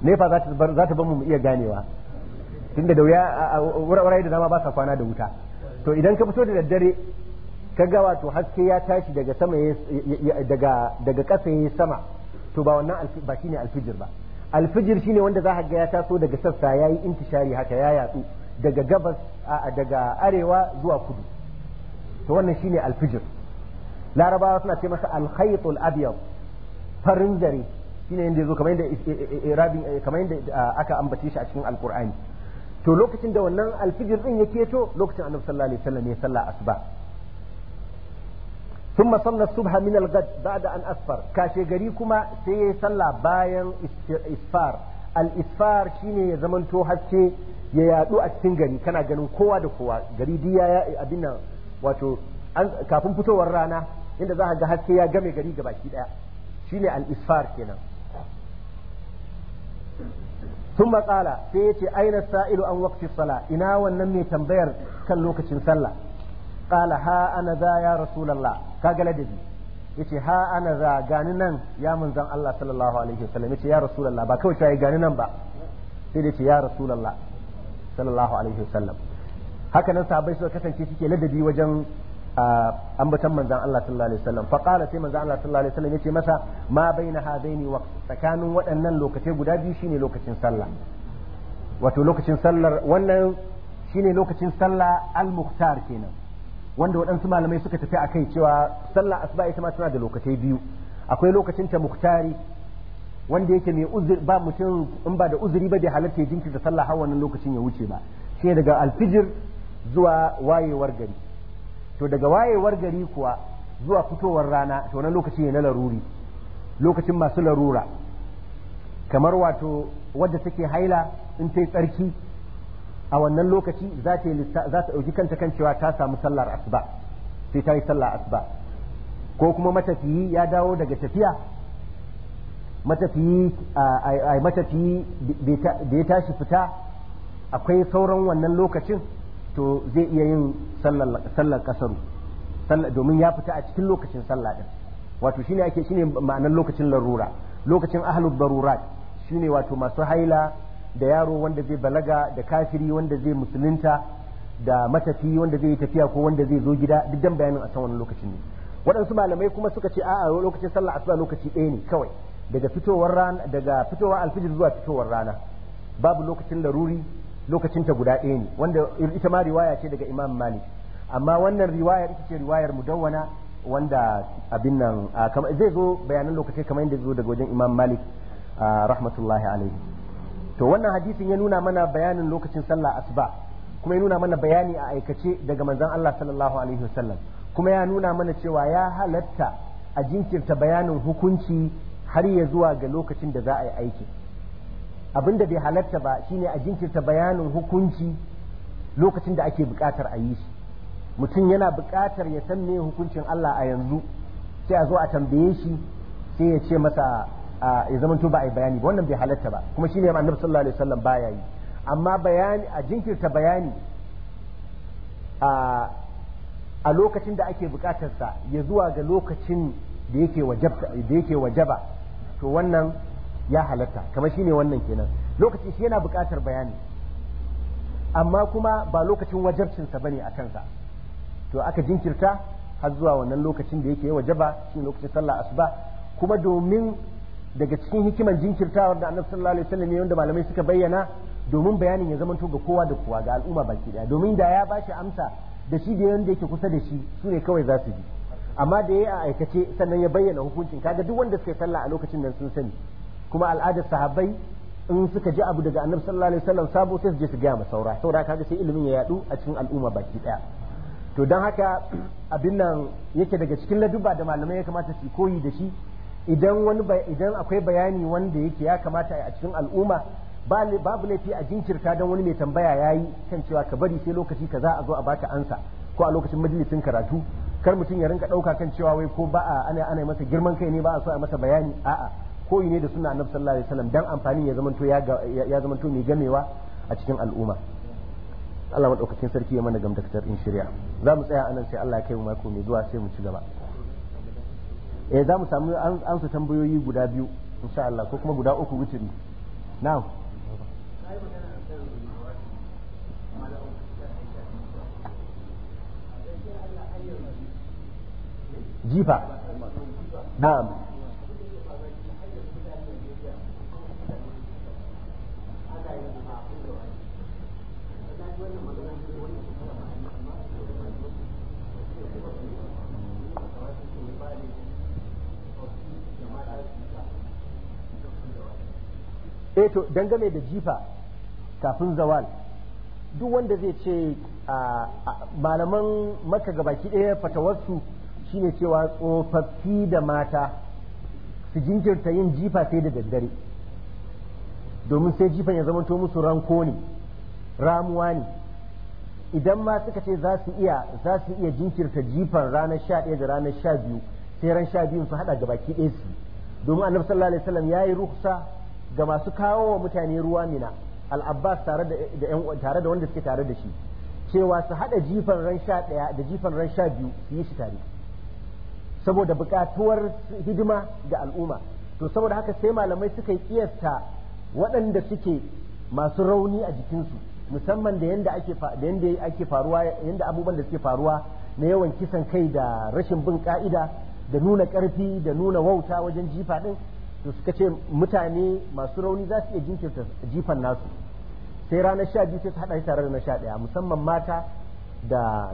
nefa za ta mu iya ganewa tunda da wuya wurare da dama ba sa kwana da wuta to idan ka fito da daddare ka ga wato haske ya tashi daga sama daga daga ƙasa ya sama to ba wannan ba shine alfijir ba alfijir shine wanda za ka ga ya taso daga sassa yayi intishari haka ya yatsu daga gabas daga arewa zuwa kudu to wannan shine alfijir larabawa suna ce masa alkhaytul abyad farin zare shine yanda yazo kamar yanda kamar yanda aka ambace shi a cikin alqur'ani to lokacin da wannan alfijir din ya to lokacin annabi sallallahu alaihi wasallam ya salla asuba ثم صلى الصبح من الغد بعد أن أسفر كاشي غريكما سي صلى باين إسفار al’isfar shi ne ya zamanto haske ya yaɗu a cikin gari kana ganin kowa da kowa gari diya ya abin nan wato kafin fitowar rana inda za a ga haske ya game gari ga baki ɗaya shi ne al’isfar kenan sun matsala sai ya ce aina sa’ilu an wakce sala ina wannan mai tambayar kan lokacin sallah ƙala ha ana za ya rasulallah ka ga ladabi yace ha ana za gani nan ya manzon Allah sallallahu alaihi wasallam yace ya rasulullah ba kawai sai gani nan ba sai dai ce ya rasulullah sallallahu alaihi wasallam haka nan sahabbai suka kasance suke ladabi wajen ambatan manzan Allah sallallahu alaihi wasallam fa qala sai manzan Allah sallallahu alaihi wasallam yace masa ma baina hadaini wa tsakanin waɗannan lokacin guda biyu shine lokacin sallah wato lokacin sallar wannan shine lokacin sallah al-mukhtar kenan wanda waɗansu malamai suka tafi a kai cewa sallah asuba ita ma tana da lokacai biyu akwai lokacin ta muktari wanda yake mai uzuri ba mutum in ba da uzuri ba bai halatta ya jinkirta sallah har wannan lokacin ya wuce ba shi daga alfijir zuwa wayewar gari to daga wayewar gari kuwa zuwa fitowar rana to wannan lokaci ne na laruri lokacin masu larura kamar wato wadda take haila in ta yi tsarki a wannan lokaci za ta ɗauki kanta kan cewa ta samu sallar asuba sai ta yi sallar asuba ko kuma matafiyi ya dawo daga tafiya matafiyi a matafiyi da ya tashi fita akwai sauran wannan lokacin to zai iya yin sallar kasaru domin ya fita a cikin lokacin sallah din wato shine ake shine ma'anar lokacin larura lokacin ahlul barurat shine wato masu haila da yaro wanda zai balaga da kafiri wanda zai musulunta da matafi wanda zai yi tafiya ko wanda zai zo gida duk dan bayanin a can wani lokacin ne waɗansu malamai kuma suka ce a'a lokacin sallah asuba lokaci ɗaya ne kawai daga fitowar rana daga fitowar alfijir zuwa fitowar rana babu lokacin laruri lokacin ta guda ɗaya ne wanda ita ma riwaya ce daga Imam Malik amma wannan riwayar ita ce riwayar mudawwana wanda abin nan zai zo bayanan lokaci kamar yadda zai zo daga wajen Imam Malik rahmatullahi alaihi to wannan hadisin ya nuna mana bayanin lokacin sallah asuba kuma ya nuna mana bayani a aikace daga manzon Allah sallallahu alaihi wasallam kuma ya nuna mana cewa ya halatta a jinkirta bayanin hukunci har ya zuwa ga lokacin da za a yi aiki abin da bai halatta ba shine a jinkirta bayanin hukunci lokacin da ake buƙatar a yi shi mutum yana buƙatar ya san me hukuncin Allah a yanzu sai a zo a tambaye shi sai ya ce masa ya to ba a yi bayani ba wannan bai halatta ba kuma shine annabi sallallahu alaihi wasallam baya yi amma bayani a jinkirta bayani a lokacin da ake sa ya zuwa ga lokacin da yake wajaba to wannan ya halatta kamar shine wannan kenan lokaci shi yana bukatar bayani amma kuma ba lokacin wajabcinsa bane akan sa to aka jinkirta har zuwa wannan lokacin da yake wajaba shine lokacin sallah asuba kuma domin daga cikin hikiman jinkirtawar da annabi sallallahu alaihi wasallam da malamai suka bayyana domin bayanin ya zamanto ga kowa da kowa ga al'umma baki daya domin da ya bashi amsa da shi da yanda yake kusa da shi su ne kawai za su ji amma da ya a aikace sannan ya bayyana hukuncin kaga duk wanda suka sallah a lokacin nan sun sani kuma al'adar sahabbai in suka ji abu daga annabi sallallahu alaihi wasallam sabo sai su je su gaya ma saura saura kaga sai ilimin ya yadu a cikin al'umma baki daya to don haka abin nan yake daga cikin laduba da malamai ya kamata su koyi da shi idan wani idan akwai bayani wanda yake ya kamata a cikin al'umma babu laifi a jinkirta don wani mai tambaya ya yi kan cewa ka bari sai lokaci ka za a zo a baka ansa ko a lokacin majalisin karatu kar mutum ya rinka ɗauka kan cewa wai ko ba a ana ana masa girman kai ne ba a so a masa bayani a'a koyi ne da suna annabi sallallahu alaihi wasallam dan amfani ya zamanto ya zamanto mai gamewa a cikin al'umma Allah madaukakin sarki ya mana gamdakatar in shirya za mu tsaya anan sai Allah ya kai mu mako mai zuwa sai mu ci gaba eh za mu samu an su tambayoyi guda biyu insha Allah ko kuma guda uku wuce ne na'am jifa na'am wannan eh to dangane da jifa kafin zawal duk wanda zai ce malaman maka gabaki ɗaya fatawarsu shine cewa tsofaffi da mata su jinkirta yin jifa sai da daddare domin sai jifan ya zamanto musu ranko ne ramuwa ne idan ma suka ce za su iya za su iya jinkirta jifan ranar sha ɗaya da ranar sha biyu sai ran sha biyun su haɗa gabaki ɗaya su domin annabi sallallahu alaihi ya yi ruhsa ga masu kawo wa mutane ruwa mina al-abbas tare da tare da wanda suke tare da shi cewa su haɗa jifan ran sha daya da jifan ran sha biyu su yi shi tare saboda bukatuwar hidima ga al'umma to saboda haka sai malamai suka yi kiyasta waɗanda suke masu rauni a jikinsu musamman da yanda ake da yanda ake faruwa yanda abubuwan da suke faruwa na yawan kisan kai da rashin bin ka'ida da nuna ƙarfi da nuna wauta wajen jifa din to suka ce mutane masu rauni za su iya jinkirta jifan nasu sai ranar sha biyu sai su haɗa tare da na sha ɗaya musamman mata da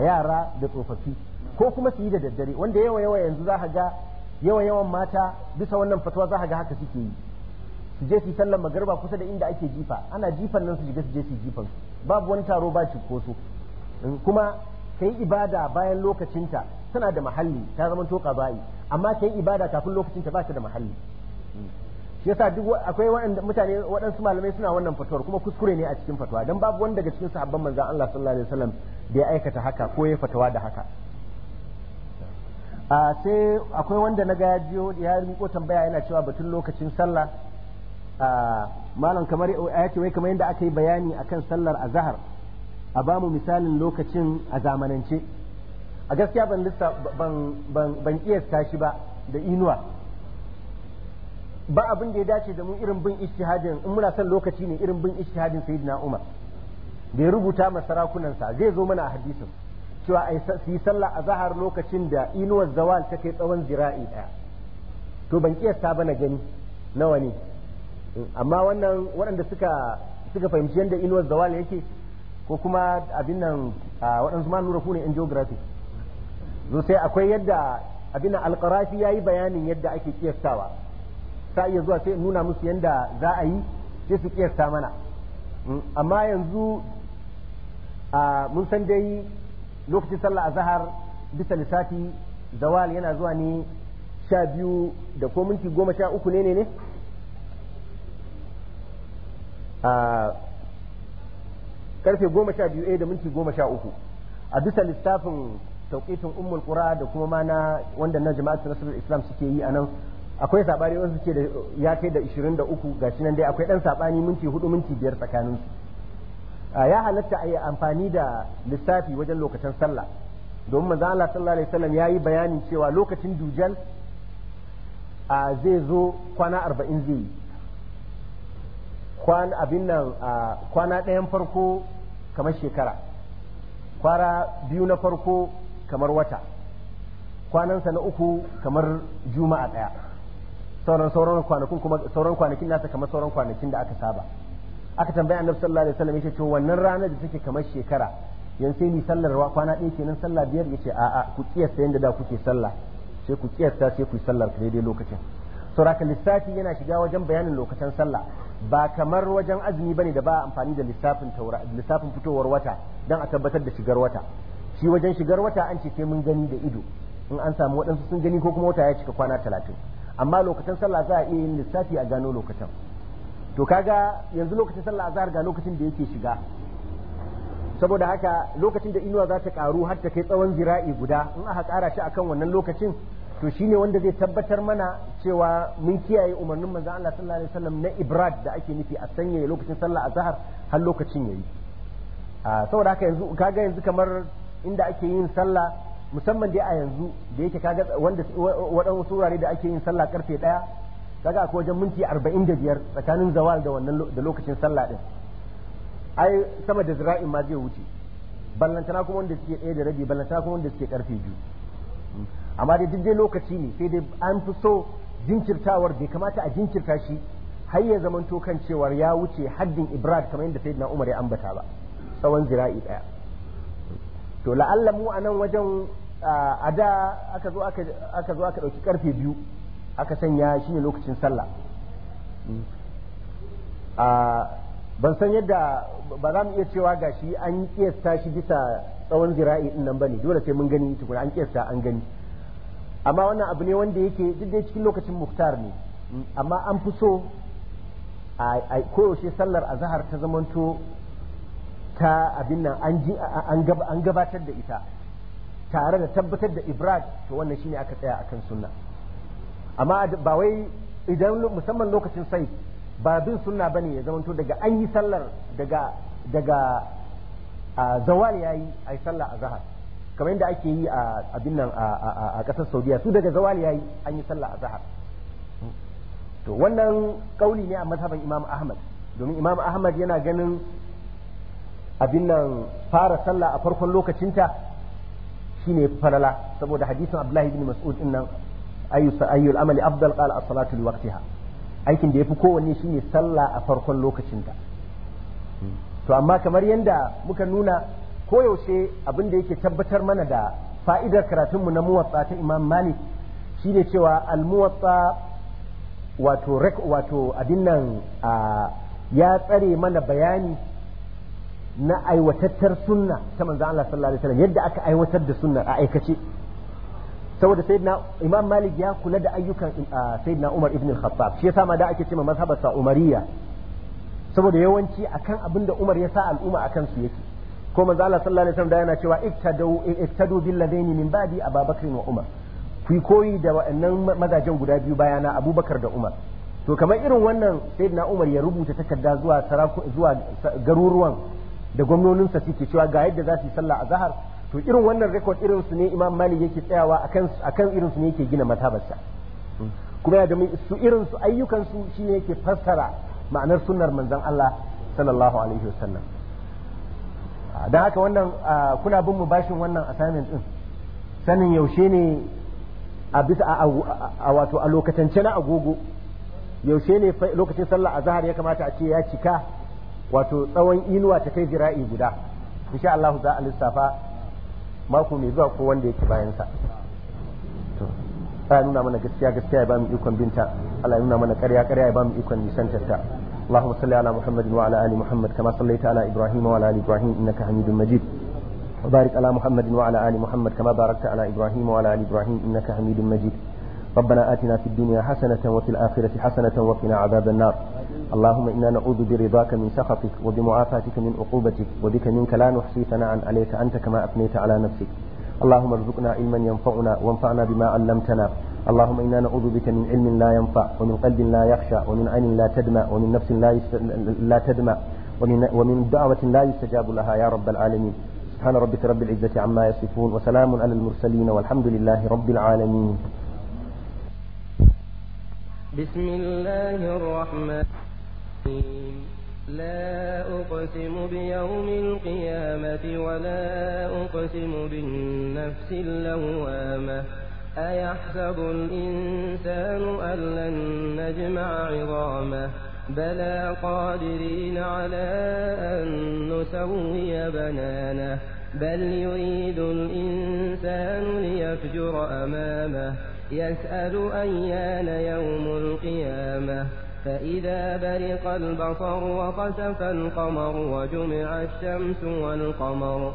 yara da tsofaffi ko kuma su yi da daddare wanda yawa yawa yanzu za ga yawa yawan mata bisa wannan fatuwa za ga haka suke yi su je su sallar magarba kusa da inda ake jifa ana jifan nan su shiga su je su jifan su babu wani taro ba ko su kuma ka ibada bayan lokacinta tana da mahalli ta zama toka bayi amma ta yi ibada kafin lokacin ta ba ta da mahalli shi yasa duk akwai waɗanda mutane waɗansu malamai suna wannan fatuwar kuma kuskure ne a cikin fatuwa dan babu wanda daga cikin sahabban manzon Allah sallallahu alaihi wasallam da ya aikata haka ko ya fatawa da haka a sai akwai wanda na ga ya miko tambaya yana cewa batun lokacin sallah malam kamar ya ce wai kamar yadda aka yi bayani akan sallar azhar a bamu misalin lokacin a zamanance a gaskiya ban lissa ban kiyasta shi ba da inuwa ba abin da ya dace da mu irin bin ishtihadin in muna son lokaci ne irin bin ishtihadin sayyidina umar da ya rubuta ma sarakunansa zai zo mana a hadisin cewa ai su yi sallah a zahar lokacin da inuwar zawal ta kai tsawon zira'i daya to ban kiyasta ba na gani nawa ne amma wannan waɗanda suka suka fahimci yadda inuwar zawal yake ko kuma abin nan waɗansu ma nura ne in geography zo sai akwai yadda abin alqarafi yayi bayanin yadda ake kiyastawa sa iya zuwa sai nuna musu yadda za a yi sai su kiyasta mana mm, amma yanzu mun san dai lokacin sallah azhar bisa lissafi zawal yana zuwa ne sha biyu da ko minti goma sha uku ne ne ne karfe goma sha biyu eh, da minti goma sha uku a bisa lissafin tauqitin ummul qura da kuma ma na wanda na jama'atu nasrul islam suke yi anan akwai sabani wasu suke da ya kai da 23 gashi nan dai akwai ɗan saɓani minti 4 minti 5 tsakanin su ya halatta a yi amfani da lissafi wajen lokacin sallah domin manzo Allah sallallahu alaihi wasallam yayi bayani cewa lokacin dujal a zai zo kwana 40 zai yi abin nan kwana ɗayan farko kamar shekara kwara biyu na farko kamar wata kwanansa na uku kamar juma'a ɗaya sauran sauran kwanakin kuma sauran kwanakin nasa kamar sauran kwanakin da aka saba aka tambaya annabi sallallahu alaihi wasallam yace to wannan ranar da take kamar shekara yan sai ni sallar wa kwana ɗaya kenan sallah biyar yace a'a ku kiyasta yanda da kuke sallah sai ku kiyasta sai ku sallar daidai lokacin sauraka lissafi yana shiga wajen bayanin lokacin sallah ba kamar wajen azumi bane da ba amfani da lissafin lissafin fitowar wata dan a tabbatar da shigar wata shi wajen shigar wata an ce sai mun gani da ido in an samu waɗansu sun gani ko kuma wata ya cika kwana talatin amma lokacin sallah za a iya yin lissafi a gano lokacin to kaga yanzu lokacin sallah a ga lokacin da yake shiga saboda haka lokacin da inuwa za ta karu har ta kai tsawon zira'i guda in aka kara shi akan wannan lokacin to shine wanda zai tabbatar mana cewa mun kiyaye umarnin manzon Allah sallallahu alaihi wasallam na ibrad da ake nufi a sanya lokacin sallah azhar har lokacin yayi ah, saboda haka yanzu kaga yanzu kamar inda ake yin sallah musamman dai a yanzu da yake kaga wanda waɗansu wurare da ake yin sallah karfe ɗaya kaga akwai wajen minti arba'in da biyar tsakanin zawal da wannan da lokacin sallah ɗin ai sama da zira'in ma zai wuce ballantana kuma wanda suke ɗaya da rabi ballantana kuma wanda suke karfe biyu amma dai duk dai lokaci ne sai dai an fi so jinkirtawar bai kamata a jinkirta shi har ya zamanto kan cewar ya wuce haddin ibrad kamar yadda sayyidina umar ya ambata ba tsawon zira'i ɗaya to la'alla mu a nan wajen a da aka zo aka ɗauki ƙarfe biyu aka sanya shi ne lokacin sallah ban san yadda ba za mu iya cewa ga shi an ƙiyasta shi bisa tsawon zira'i din nan bane dole sai mun gani tukuna an ƙiyasta an gani amma wannan abu ne wanda yake duk dai cikin lokacin muktar ne amma an fi so a koyaushe sallar azahar ta zamanto ta abin nan an gabatar da ita tare da tabbatar da ibrad to wannan shine aka tsaya akan sunna amma ba wai idan musamman lokacin sai ba bin sunna bane ya zamanto daga an yi sallar daga daga zawal yayi ai sallar azhar kamar yadda ake yi a abin nan a kasar Saudiya su daga zawal yayi an yi sallar azhar to wannan kauli ne a mazhaban Imam Ahmad domin Imam Ahmad yana ganin abin nan fara sallah a farkon lokacinta shine falala saboda hadisin abdullahi ibn mas'ud din nan amali afdal qala as-salatu li waqtiha aikin da yafi kowanne shine sallah a farkon lokacinta to amma kamar yanda muka nuna koyaushe abin da yake tabbatar mana da fa'idar karatun mu na muwatsa ta imam malik shine cewa al muwatta wato wato abin nan ya tsare mana bayani na aiwatattar sunna ta manzo Allah sallallahu alaihi wasallam yadda aka aiwatar da sunna a aikace saboda sayyidina imam malik ya kula da ayyukan ah, sayyidina umar ibn al-khattab shi yasa ma da ake cewa mazhabar sa umariya saboda yawanci akan abinda umar ya sa al'umma akan su yake ko manzo Allah sallallahu alaihi wasallam yana cewa iktadu iktadu bil ladaini min ba'di ababakr wa umar ku koyi da waannan mazajen guda biyu bayana abubakar da umar to kamar irin wannan sayyidina umar ya rubuta takarda zuwa zuwa garuruwan da gwamnoninsa suke cewa ga yadda za su sallah a zahar to irin wannan rekod irin su ne imam malik yake tsayawa akan akan irin su ne yake gina matabarsa kuma ya da su irin su ayyukan su shine yake fassara ma'anar sunnar manzon Allah sallallahu alaihi wasallam dan haka wannan kuna bin mu bashin wannan assignment din sanin yaushe ne a bisa a wato a lokacin na agogo yaushe ne lokacin sallah azhar ya kamata a ce ya cika wato tsawon inuwa ta kai zira'i guda insha Allah za a lissafa mako mai zuwa ko wanda yake bayan sa to nuna mana gaskiya gaskiya ya ba bayansa. ikon binta Allah nuna mana ƙarya ƙarya ya ikon nisantar ta اللهم صل على محمد وعلى ال محمد كما صليت على ابراهيم وعلى ال ابراهيم انك حميد مجيد وبارك على محمد وعلى ال محمد كما باركت على ابراهيم وعلى ال ابراهيم انك حميد مجيد ربنا آتنا في الدنيا حسنة وفي الآخرة حسنة وقنا عذاب النار اللهم إنا نعوذ برضاك من سخطك وبمعافاتك من عقوبتك وبك منك لا نحصي ثناء عليك أنت كما أثنيت على نفسك اللهم ارزقنا علما ينفعنا وانفعنا بما علمتنا اللهم إنا نعوذ بك من علم لا ينفع ومن قلب لا يخشى ومن عين لا تدمع ومن نفس لا, يست... لا تدمع ومن... ومن دعوة لا يستجاب لها يا رب العالمين سبحان ربك رب العزة عما يصفون وسلام على المرسلين والحمد لله رب العالمين بسم الله الرحمن الرحيم لا أقسم بيوم القيامة ولا أقسم بالنفس اللوامة أيحسب الإنسان أن لن نجمع عظامه بلى قادرين على أن نسوي بنانه بل يريد الإنسان ليفجر أمامه يسأل أيان يوم القيامة فإذا برق البصر وخسف القمر وجمع الشمس والقمر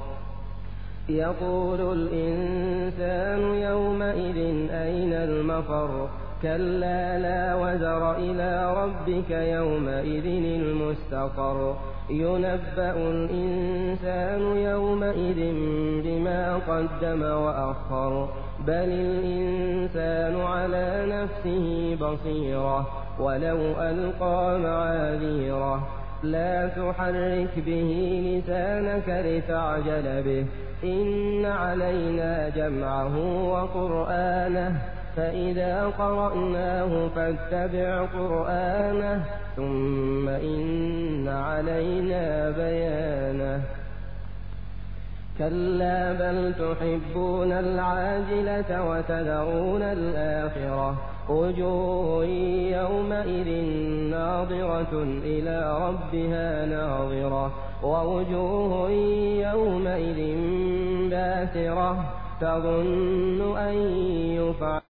يقول الإنسان يومئذ أين المفر كلا لا وزر إلى ربك يومئذ المستقر ينبأ الإنسان يومئذ بما قدم وأخر بل الإنسان على نفسه بصيرة ولو ألقى معاذيره لا تحرك به لسانك لتعجل به إن علينا جمعه وقرآنه فإذا قرأناه فاتبع قرآنه ثم إن علينا بيانه كلا بل تحبون العاجلة وتذرون الآخرة وجوه يومئذ ناظرة إلى ربها ناظرة ووجوه يومئذ باسرة تظن أن يفعل